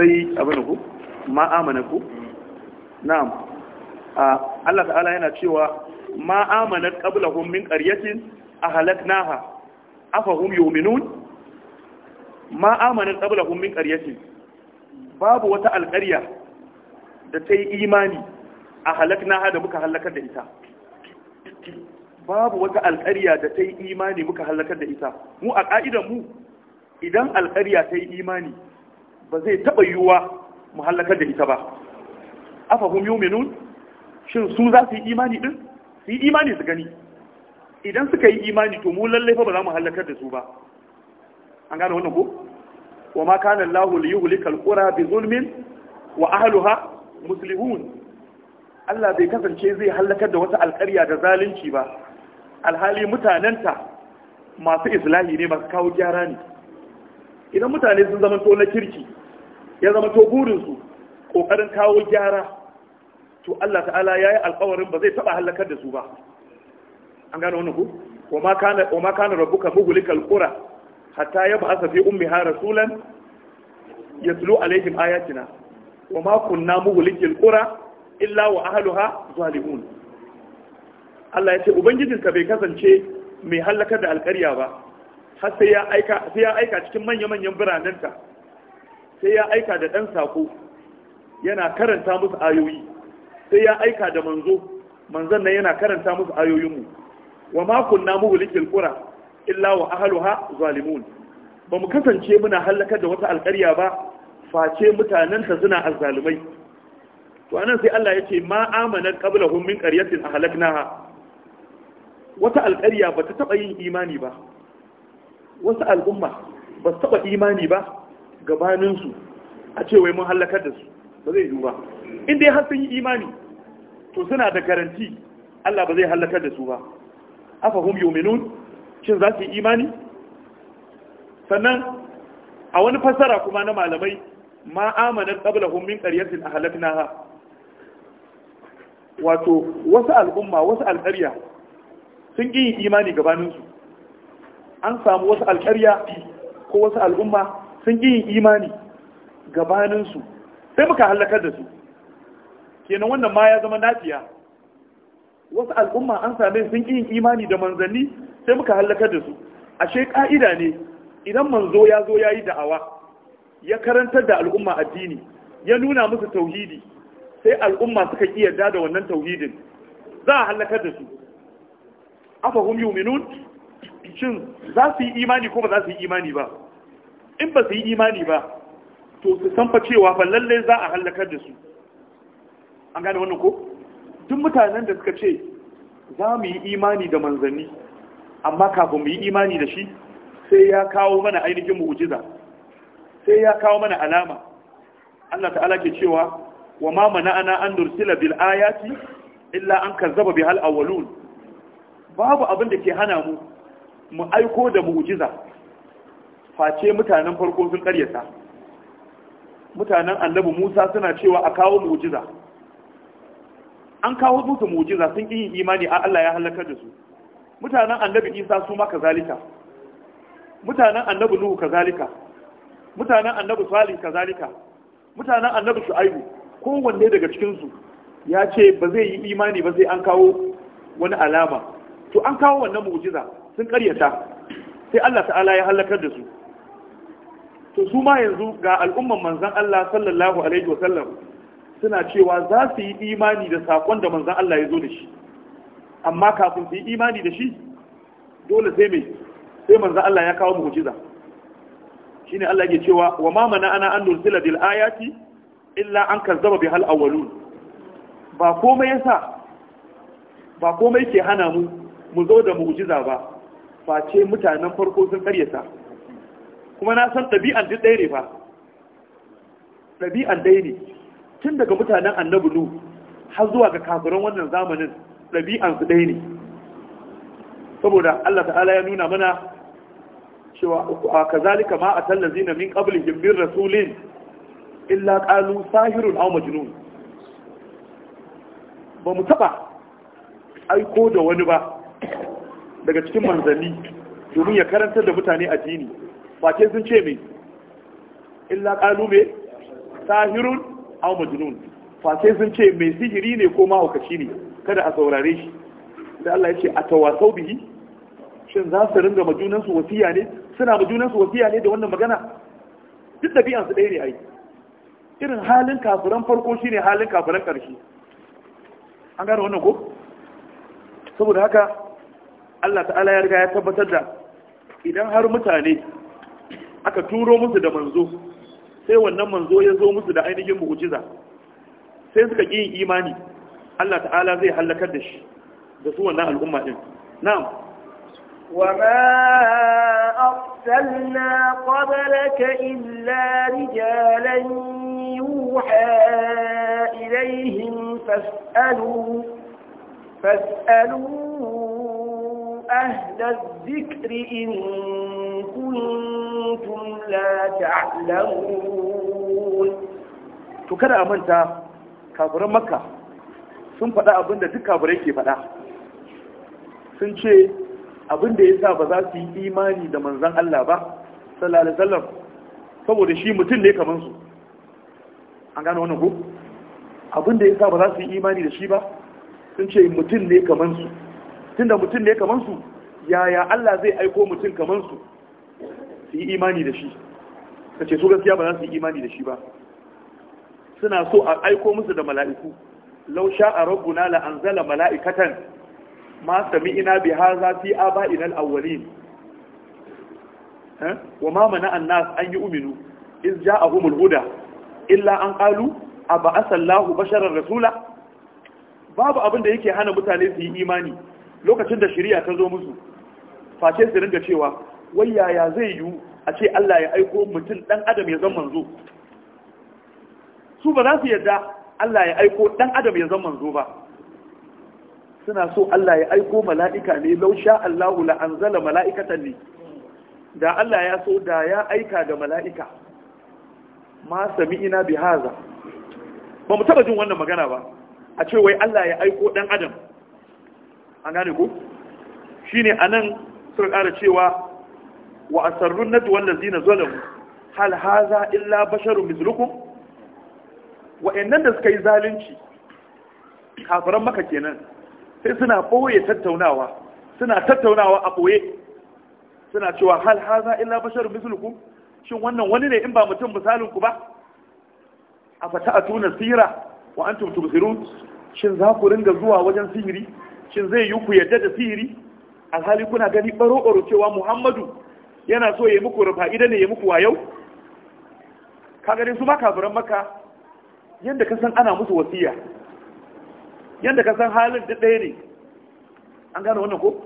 sai abinuku ma'amanaku. ma na'am Allah ta'ala yana cewa ma amanat qablahum min qaryatin ahlaknaha afahum yu'minun ma amanat qablahum min qaryatin babu wata alƙarya da ta yi imani a halaknaha da muka halakar da ita babu wata alƙarya da ta yi imani muka halakar da ita mu a ƙa'idan mu idan alƙarya ta yi imani ba zai taɓa yiwuwa mu hallakar da ita ba afa hum yu'minun shin su za su yi imani din su yi imani su gani idan suka yi imani to mu lallai fa ba za mu hallakar da su ba an gane wannan ko wa ma kana Allahu li yuhlika al bi zulmin wa ahliha muslihun Allah bai kasance zai hallakar da wata alƙarya da zalunci ba alhali mutanenta masu islahi ne masu kawo gyara ne idan mutane sun zama to na kirki ya zama to burinsu kokarin kawo gyara to Allah ta'ala ya yi alkawarin ba zai taba halakar da su ba an gano wannan ku wa ma kana rabbuka muhlikal qura hatta yab'atha fi ummi ha rasulan tulu alaihim ayatina wa ma kunna muhlikal qura illa wa ahluha zalimun Allah ya ce ubangijin ka bai kasance mai halakar da alƙarya ba har sai ya aika sai ya aika cikin manya-manyan biranenta sai ya aika da ɗan sako yana karanta musu ayoyi sai ya aika da manzo manzon nan yana karanta musu ayoyinmu wa ma kunna muhlikil qura illa wa ahluha zalimun ba mu kasance muna hallakar da wata alƙarya ba face mutanenta suna azzalumai to anan sai Allah ya ce ma amanat qablahum min qaryatin ahlaknaha wata alƙarya ba ta taɓa yin imani ba wasu al'umma ba su taɓa imani ba gabaninsu a ce wai mun halakar da su ba zai yi ba Inda ya har sun yi imani to suna da garanti Allah ba zai halakar da su ba afa hum yu'minun shin za su yi imani sannan a wani fassara kuma na malamai ma amanat qablahum min qaryatin ahlaknaha wato wasu al'umma wasu alƙarya sun yi imani gabaninsu an samu wasu alƙarya ko wasu al'umma sun ƙi imani gabaninsu sai muka halakar da su kenan wannan ma ya zama nafiya wasu al'umma an same sun ƙi imani da manzanni sai muka halakar da su ashe ka'ida ne idan manzo ya zo ya yi da'awa ya karantar da al'umma addini ya nuna musu tauhidi sai al'umma suka ƙi yarda da wannan tauhidin za a halakar da su afa hum yu'minun shin za su yi imani ko ba za su yi imani ba in ba su yi imani ba to su san fa cewa fa lalle za a hallakar da su an gane wannan ko duk mutanen da suka ce za mu yi imani da manzanni amma kafin mu yi imani da shi sai ya kawo mana ainihin mu'jiza sai ya kawo mana alama Allah ta'ala ke cewa wa ma mana'ana an nursila bil ayati illa an kazzaba bihal awwalun babu abin da ke hana mu mu aiko da mu'jiza face mutanen farko sun karyata mutanen annabi Musa suna cewa a kawo mu'jiza an kawo musu mu'jiza sun yi imani a Allah ya halakar da su mutanen annabi Isa su ma kazalika mutanen annabi Nuhu kazalika mutanen annabi Salih kazalika mutanen annabi Shu'aibu kowanne daga cikin su ya ce ba zai yi imani ba sai an kawo wani alama to an kawo wannan mu'jiza sun karyata sai Allah ta'ala ya halakar da su to su ma yanzu ga al'umman manzan Allah sallallahu alaihi wa sallam suna cewa za su yi imani da sakon da manzan Allah ya zo da shi amma kafin su yi imani da shi dole sai mai sai manzan Allah ya kawo mu'jiza shine Allah yake cewa wa ma mana ana an nursila bil ayati illa an kazzaba bi hal awwalun ba komai yasa ba komai ke hana mu mu zo da mu'jiza ba face mutanen farko sun karyata kuma na san ɗabi'an duk ɗaya ne fa ɗabi'an ɗaya ne tun daga mutanen annabi nu har zuwa ga kafiran wannan zamanin ɗabi'an su ɗaya ne saboda Allah ta'ala ya nuna mana cewa a kazalika ma a atallazina min qablihim min rasulin illa ƙalu sahirun aw majnun ba mu taɓa aiko da wani ba daga cikin manzanni domin ya karanta da mutane addini face sun ce me illa qalu mai sahirun au majnun face sun ce me sihiri ne ko mahaukaci ne kada a saurare shi da Allah ya ce a tawasau bihi shin za su ringa majunan su wasiya ne suna majunan su wasiya ne da wannan magana duk dabi'an su ɗaya ne ai irin halin kafiran farko shine halin kafiran karshe an gane wannan ko saboda haka Allah ta'ala ya riga ya tabbatar da idan har mutane aka turo musu da manzo sai wannan manzo ya zo musu da ainihin mu'jiza sai suka ƙi imani Allah ta'ala zai halakar da shi da su wannan al'umma din na'am wa ma arsalna qablaka illa rijalan yuha ilayhim fas'alu fas'alu أهل الذكر إن كنتم لا تعلمون تكرى أمنتا كابر مكة sun faɗa abin da duk kaburai ke faɗa sun ce abin da ya sa ba za su yi imani da manzan Allah ba sallallahu alaihi saboda shi mutum ne kamar su an gano wannan ko abin da ya sa ba za su yi imani da shi ba sun ce mutum ne kamar su tunda mutum ne kamar su yaya Allah zai aiko mutum kamar su su yi imani da shi kace su gaskiya ba za su yi imani da shi ba suna so a aiko musu da mala'iku law sha'a rabbuna la anzala mala'ikatan ma ina bi hadha fi aba'ina al-awwalin eh? wa ma mana an-nas an yu'minu iz ja'ahumul huda illa an qalu aba asallahu basharar rasula babu abin da yake hana mutane su yi imani lokacin da shari'a ta zo musu face su ringa cewa wai yaya zai yiwu a ce Allah ya aiko mutum dan adam ya zama manzo su ba za su yadda Allah ya aiko dan adam ya zama manzo ba suna so Allah ya aiko mala'ika ne lausha Allahu la'anzala mala'ikatan ne da Allah ya so da ya aika da mala'ika ma sami ina bi haza ba mu taba jin wannan magana ba a ce wai Allah ya aiko dan adam an gane ku shine anan suka ƙara cewa wa asarrun nadu wanda zina zalamu hal haza illa basharun mislukum wa'annan da suka yi zalunci kafiran maka kenan sai suna ɓoye tattaunawa suna tattaunawa a ɓoye suna cewa hal haza illa basharun mislukum shin wannan wani ne in ba mutum misalinku ba a fata a tuna sira wa an tumtum shin za ku ringa zuwa wajen sihiri shin zai yi ku yadda da sihiri alhali kuna gani baro cewa muhammadu yana so ya yi muku rufa idan ne ya muku yau ka gani su ma kafiran maka yadda ka san ana musu wasiya yadda ka san halin da ɗaya ne an gane wannan ko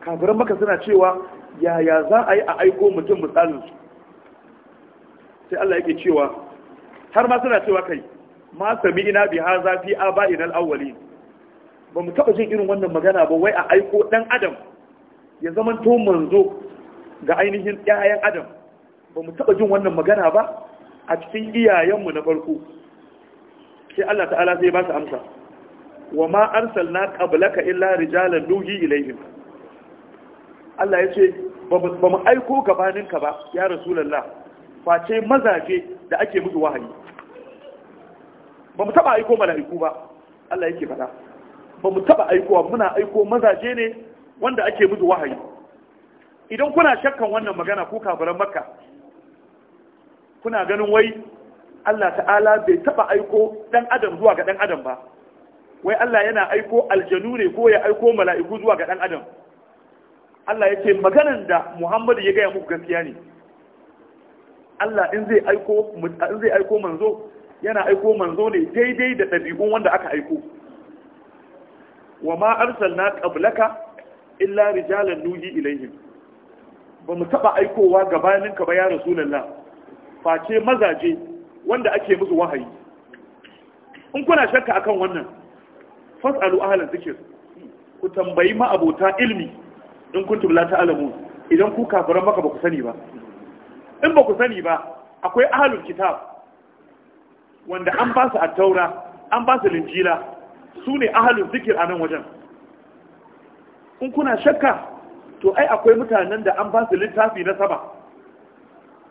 kafiran maka suna cewa yaya za a yi a aiko mutum su? sai Allah yake cewa har ma suna cewa kai ma sami ina bi haza fi a ba'in al'awwalin ba mu taɓa jin irin wannan magana ba wai a aiko ɗan adam ya zama to manzo ga ainihin ɗayan adam ba mu taɓa jin wannan magana ba a cikin iyayenmu na farko sai Allah ta'ala zai ba su amsa wa ma arsalna qablaka illa rijalan nuhi ilaihim Allah ya ce ba mu aiko gabaninka ba ya rasu lalla, face mazaje da ake musu wahayi ba mu taɓa aiko mala'iku ba Allah yake faɗa ba mu taba aikowa muna aiko mazaje ne wanda ake musu wahayi idan kuna shakkan wannan magana ko kafiran makka kuna ganin wai Allah ta'ala bai taba aiko dan adam zuwa ga dan adam ba wai Allah yana aiko aljanu ne ko ya aiko mala'iku zuwa ga dan adam Allah yake maganan da Muhammadu ya gaya muku gaskiya ne Allah in zai aiko in zai aiko manzo yana aiko manzo ne daidai da ɗabi'un wanda aka aiko wa ma arsalna qablaka illa rijalan nuhi ilaihim ba mu taba aikowa gabanin ka ba ya rasulullah face mazaje wanda ake musu wahayi in kuna shakka akan wannan fasalu ahlan zikir ku tambayi ma'abota ilmi in kuntum la ta'lamu idan ku kafiran maka ba ku sani ba in ba ku sani ba akwai ahlul kitab wanda an ba su at an ba su linjila su ne ahalin zikir a nan wajen in kuna shakka to ai akwai mutanen da an ba su littafi na sama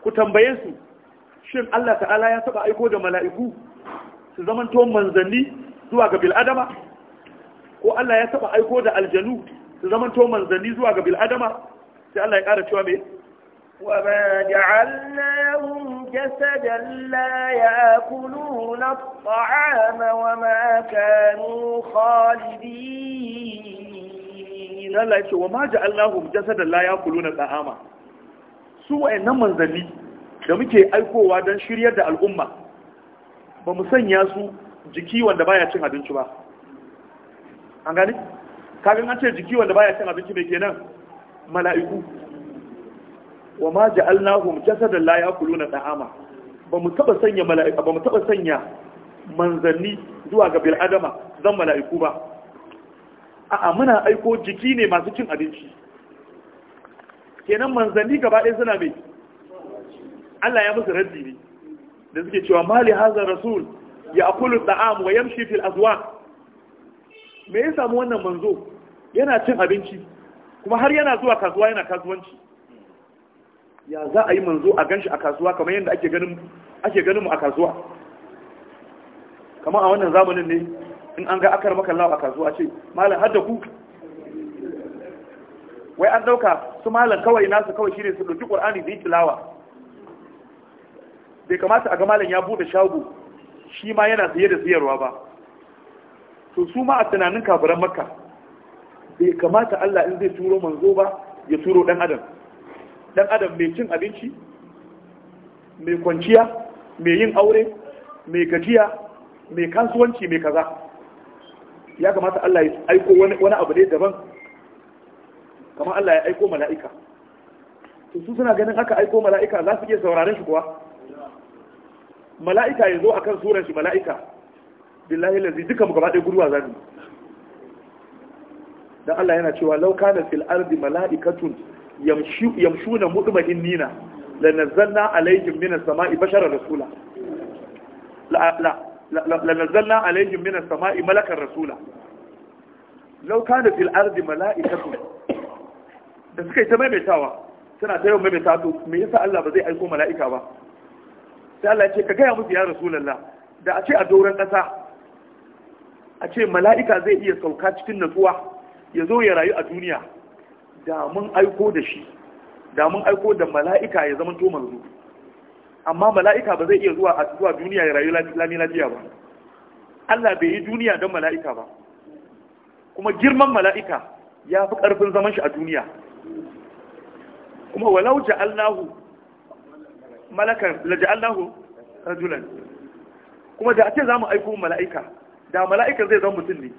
ku tambaye su shin Allah ta'ala ya saba aiko da mala'iku su to manzanni zuwa ga bil'adama ko Allah ya saba aiko da aljanu su zamanto manzanni zuwa ga bil'adama sai Allah ya ƙara cewa me وما جعلناهم جسدا لا يأكلون الطعام وما كانوا خالدين الله يقول وما جعلناهم جسدا لا يأكلون الطعام su wayannan manzanni da muke aikowa don shiryar da al'umma ba mu sanya su jiki wanda baya cin abinci ba an gani? kagin an ce jiki wanda baya cin abinci mai kenan mala'iku wa ma ja'alnahum jasadan la ya'kuluna ta'ama ba mu taba sanya mala'ika ba mu taba sanya manzanni zuwa ga adama zan mala'iku ba a'a muna aiko jiki ne masu cin abinci kenan manzanni gaba ɗaya suna mai Allah ya musu raddi ne da suke cewa mali hazar rasul ya akulu da'am wa yamshi fil azwa me ya samu wannan manzo yana cin abinci kuma har yana zuwa kasuwa yana kasuwanci ya za a yi manzo a ganshi a kasuwa kamar yadda ake ganin mu a kasuwa kamar a wannan zamanin ne in an ga akar maka lawa a kasuwa ce malam hada ku wai an dauka su malam kawai nasu kawai shi ne su dauki ƙwar'ani da yi tilawa bai kamata a ga malam ya bude shago shi ma yana saye da sayarwa ba to su ma a tunanin kafiran makka bai kamata Allah in zai turo manzo ba ya turo dan adam dan adam mai cin abinci mai kwanciya mai yin aure mai gajiya mai kasuwanci mai kaza ya kamata Allah ya aiko wani abu ne daban kamar Allah ya aiko mala'ika to su suna ganin aka aiko mala'ika za su iya sauraron shi kuwa mala'ika ya zo kan suran shi mala'ika billahi lazi duka mu gaba ɗaya guduwa zamu dan Allah yana cewa law kana fil ardi mala'ikatun yamshuna mutma'innina la nazzalna alaihim minas sama'i basharar rasula la nazzalna alaihim minas sama'i malakar rasula law kana fil ardi mala'ikatu da suka yi ta maimaitawa suna ta yawan maimaita to me yasa Allah ba zai aiko mala'ika ba sai Allah ya ce ka gaya musu ya rasulullah da a ce a doron ƙasa a ce mala'ika zai iya sauka cikin natsuwa ya zo ya rayu a duniya da mun aiko da shi damun aiko da mala'ika ya zama to manzo amma mala'ika ba zai iya zuwa a zuwa duniya ya rayu lami lafiya ba Allah bai yi duniya don mala'ika ba kuma girman mala'ika ya fi ƙarfin zaman shi a duniya kuma walau ja'allahu malakan la ja'allahu rajulan kuma da ake mu aiko mala'ika da mala'ika zai zama mutum ne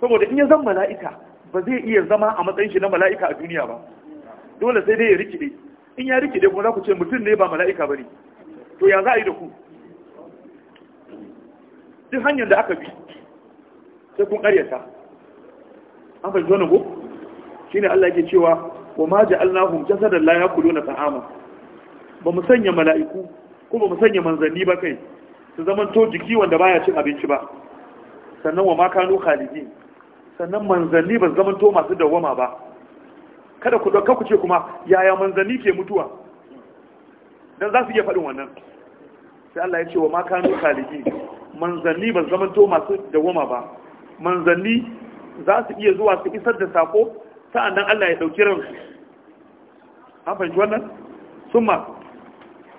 saboda in ya zama mala'ika ba zai iya zama a matsayin shi na mala'ika a duniya ba dole sai dai ya rikide in ya rikide kuma za ku ce mutum ne ba mala'ika ba ne to ya za a yi da ku duk hanyar da aka bi sai kun karyata an fahimci wani ko shi ne Allah yake cewa wa ma ja'alnahum jasadan la yakuluna ta'ama ba mu sanya mala'iku ko ba mu sanya manzanni ba kai su to jiki wanda baya cin abinci ba sannan wa ma kanu khalidin sannan manzanni ba zama to masu dawama ba kada ku ɗauka ku ce kuma yaya manzanni ke mutuwa don za su iya faɗin wannan sai Allah ya ce wa makanu kaliki manzanni ba zama to masu dawama ba manzanni za su iya zuwa su isar da sako sa'an nan Allah ya ɗauki ransu an fahimci wannan summa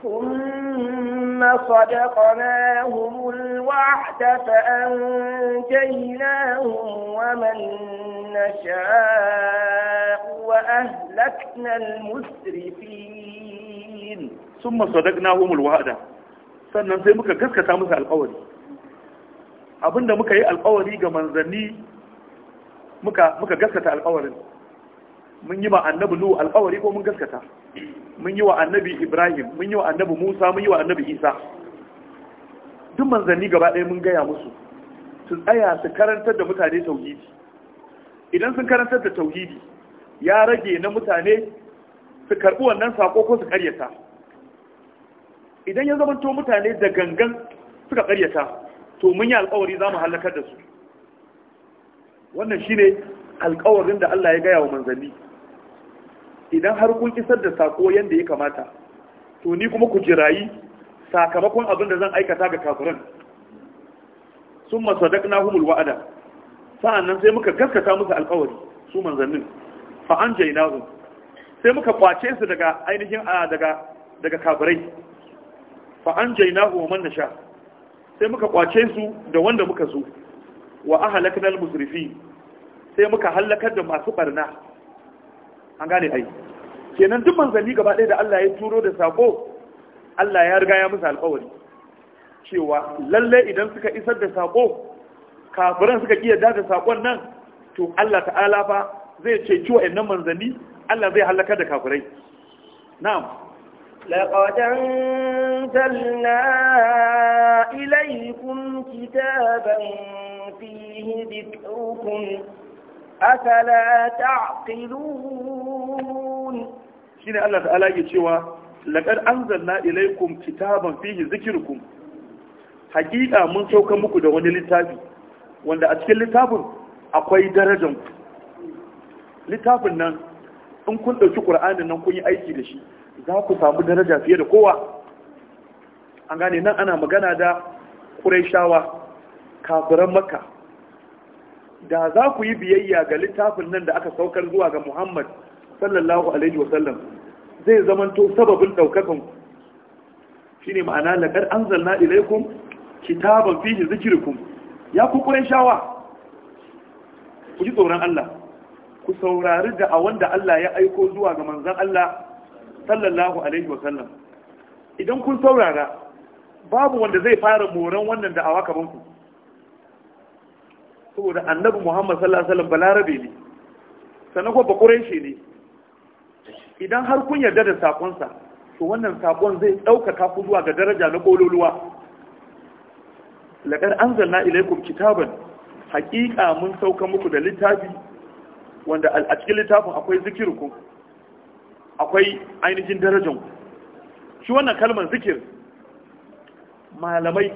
ثم صدقناهم الوعد فأنجيناهم ومن نشاء وأهلكنا المسرفين ثم صدقناهم الوعد sannan sai muka gaskata musu alkawari abinda muka yi alkawari ga manzanni muka gaskata alkawarin mun yi wa annabi lu alƙawari ko mun gaskata mun yi wa annabi ibrahim mun yi wa annabi musa mun yi wa annabi isa duk manzanni gaba ɗaya mun gaya musu su tsaya su karantar da mutane tauhidi idan sun karantar da tauhidi ya rage na mutane su karɓi wannan sako ko su karyata idan ya zama to mutane da gangan suka karyata to mun yi alƙawari za mu halakar da su wannan shine alƙawarin da Allah ya gaya wa manzanni idan har kun isar da sako yadda ya kamata to ni kuma ku jirayi sakamakon abin da zan aikata ga kafiran sun masu na humul wa'ada nan sai muka gaskata musu alkawari su manzannin fa an jainahu sai muka kwace su daga ainihin a daga daga kafirai fa an wa man nasha sai muka kwace su da wanda muka so wa ahlaknal musrifin sai muka hallakar da masu barna an gane ai kenan duk manzanni gaba ɗaya da Allah ya turo da sako Allah ya riga ya musu alƙawari cewa lalle idan suka isar da sako kafiran suka iya da sakon nan to Allah ta'ala fa zai ce ciwo ɗan manzanni Allah zai halakar da kafirai na'am لقد أنزلنا إليكم كتابا فيه ذكركم afala ta'qilun shine Allah ta'ala ke cewa laqad anzalna ilaykum kitaban fihi ku. hakika mun sauka muku da wani littafi wanda a cikin littafin akwai darajar littafin nan in kun ɗauki ƙur'anin nan kun yi aiki da shi za ku samu daraja fiye da kowa an gane nan ana magana da ƙuraishawa kafiran makka da za ku yi biyayya ga littafin nan da aka saukar zuwa ga Muhammad sallallahu alaihi wasallam zai zamanto sababin daukakan shi ne ma'ana laƙar an zalna ilaikun kitaban fiye zikirikun ya kukurin shawa ku ji tsoron Allah ku saurari da a wanda Allah ya aiko zuwa ga manzan Allah sallallahu alaihi wasallam idan kun saurara babu wanda zai fara moran wannan da'awa ku saboda annabi muhammad sallallahu alaihi wasallam balarabe ne sannan ko bakurenshi ne idan har kun yarda da sakonsa to wannan sakon zai ɗaukaka ku zuwa ga daraja na ƙololuwa laƙar an zanna ilaikum kitaban haƙiƙa mun sauka muku da littafi wanda a cikin littafin akwai zikirku akwai ainihin darajan shi wannan kalmar zikir malamai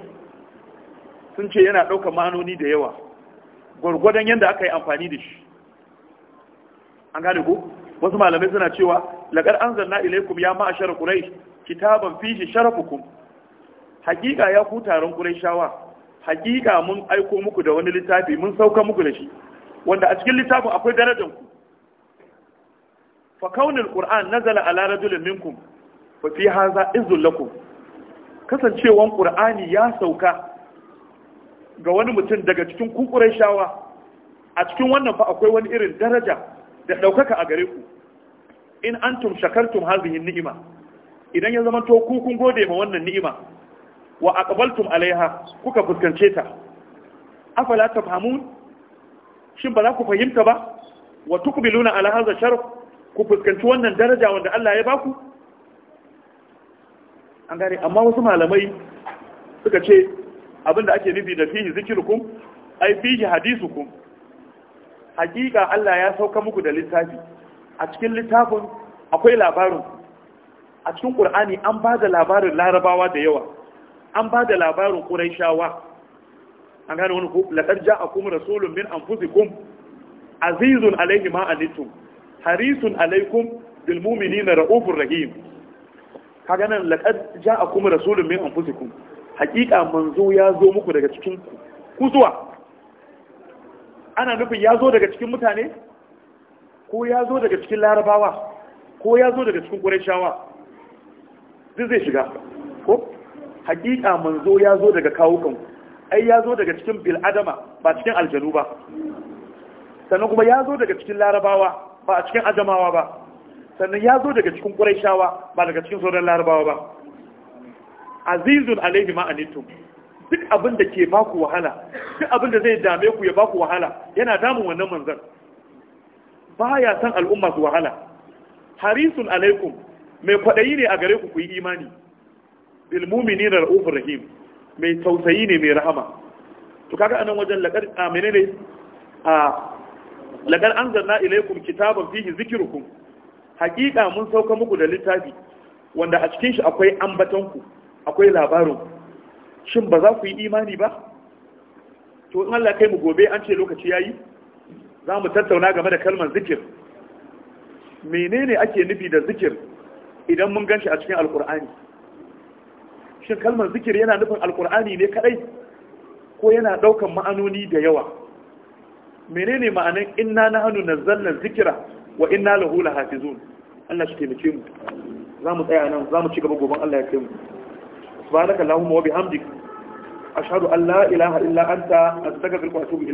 sun ce yana ɗaukar ma'anoni da yawa gwargwadon yadda aka yi amfani da shi an gane ku wasu malamai suna cewa laƙar an zanna ilaikum ya ma'ashar ƙurai kitaban fishi sharafukum hakika ya ku taron kurai shawa hakika mun aiko muku da wani littafi mun sauka muku da shi wanda a cikin littafin akwai darajar ku fa kaunil qur'an nazala ala rajulin minkum fa fi hadha izul lakum kasancewan qur'ani ya sauka ga wani mutum daga cikin kukurai shawa a cikin wannan fa akwai wani irin daraja da ɗaukaka a gare ku in antum shakartum hazihi ni'ima idan ya zama to ku kun gode ma wannan ni'ima wa aqbaltum alaiha kuka fuskance ta afala tafhamun shin ba za ku fahimta ba wa tuqbiluna ala hadha sharaf ku fuskanci wannan daraja wanda Allah ya baku an gare amma wasu malamai suka ce abinda ake nufi da fihi zikirkum ai fihi hadisukum hakika Allah ya sauka muku da littafi a cikin littafin akwai labarin a cikin Qur'ani an ba da labarin larabawa da yawa an ba da labarin Quraishawa an gane wani ku laqad ja'akum rasulun min anfusikum azizun alayhi ma anitum harisun alaykum bil mu'minina raufur rahim kaga nan laqad ja'akum rasulun min anfusikum hakika manzo ya zo muku daga cikin ku zuwa ana nufin ya zo daga cikin mutane ko ya zo daga cikin larabawa ko ya zo daga cikin ƙurashawa duk zai shiga ko hakika manzo ya zo daga kawukan ai ya zo daga cikin bil'adama ba cikin aljanu ba sannan kuma ya zo daga cikin larabawa ba a cikin ajamawa ba sannan ya zo daga cikin ƙurashawa ba daga cikin sauran larabawa ba azizun alaihi ma'anitum duk abin da ke baku wahala duk abin da zai dame ku ya baku wahala yana damun wannan manzan baya san al'umma su wahala harisun alaikum mai kwaɗayi ne a gare ku ku yi imani bil mu'minina ra'ufur rahim mai tausayi ne mai rahama to kaga anan wajen laqad amene ne a laqad anzalna ilaykum kitaban fihi zikrukum haqiqa mun sauka muku da littafi wanda a cikin shi akwai ambatanku ku akwai labarin shin ba za ku yi imani ba to in Allah kai mu gobe an ce lokaci yayi za mu tattauna game da kalmar zikir menene ake nufi da zikir idan mun ganshi a cikin alkur'ani shin kalmar zikir yana nufin alkur'ani ne kadai ko yana daukan ma'anoni da yawa menene ma'anan inna nahnu nazzalna zikira wa inna lahu lahafizun Allah shi taimake mu za mu tsaya nan za mu ci gaba gobe Allah ya kai mu subhanaka allahumma wa ashadu ashhadu an la ilaha illa anta astaghfiruka wa atubu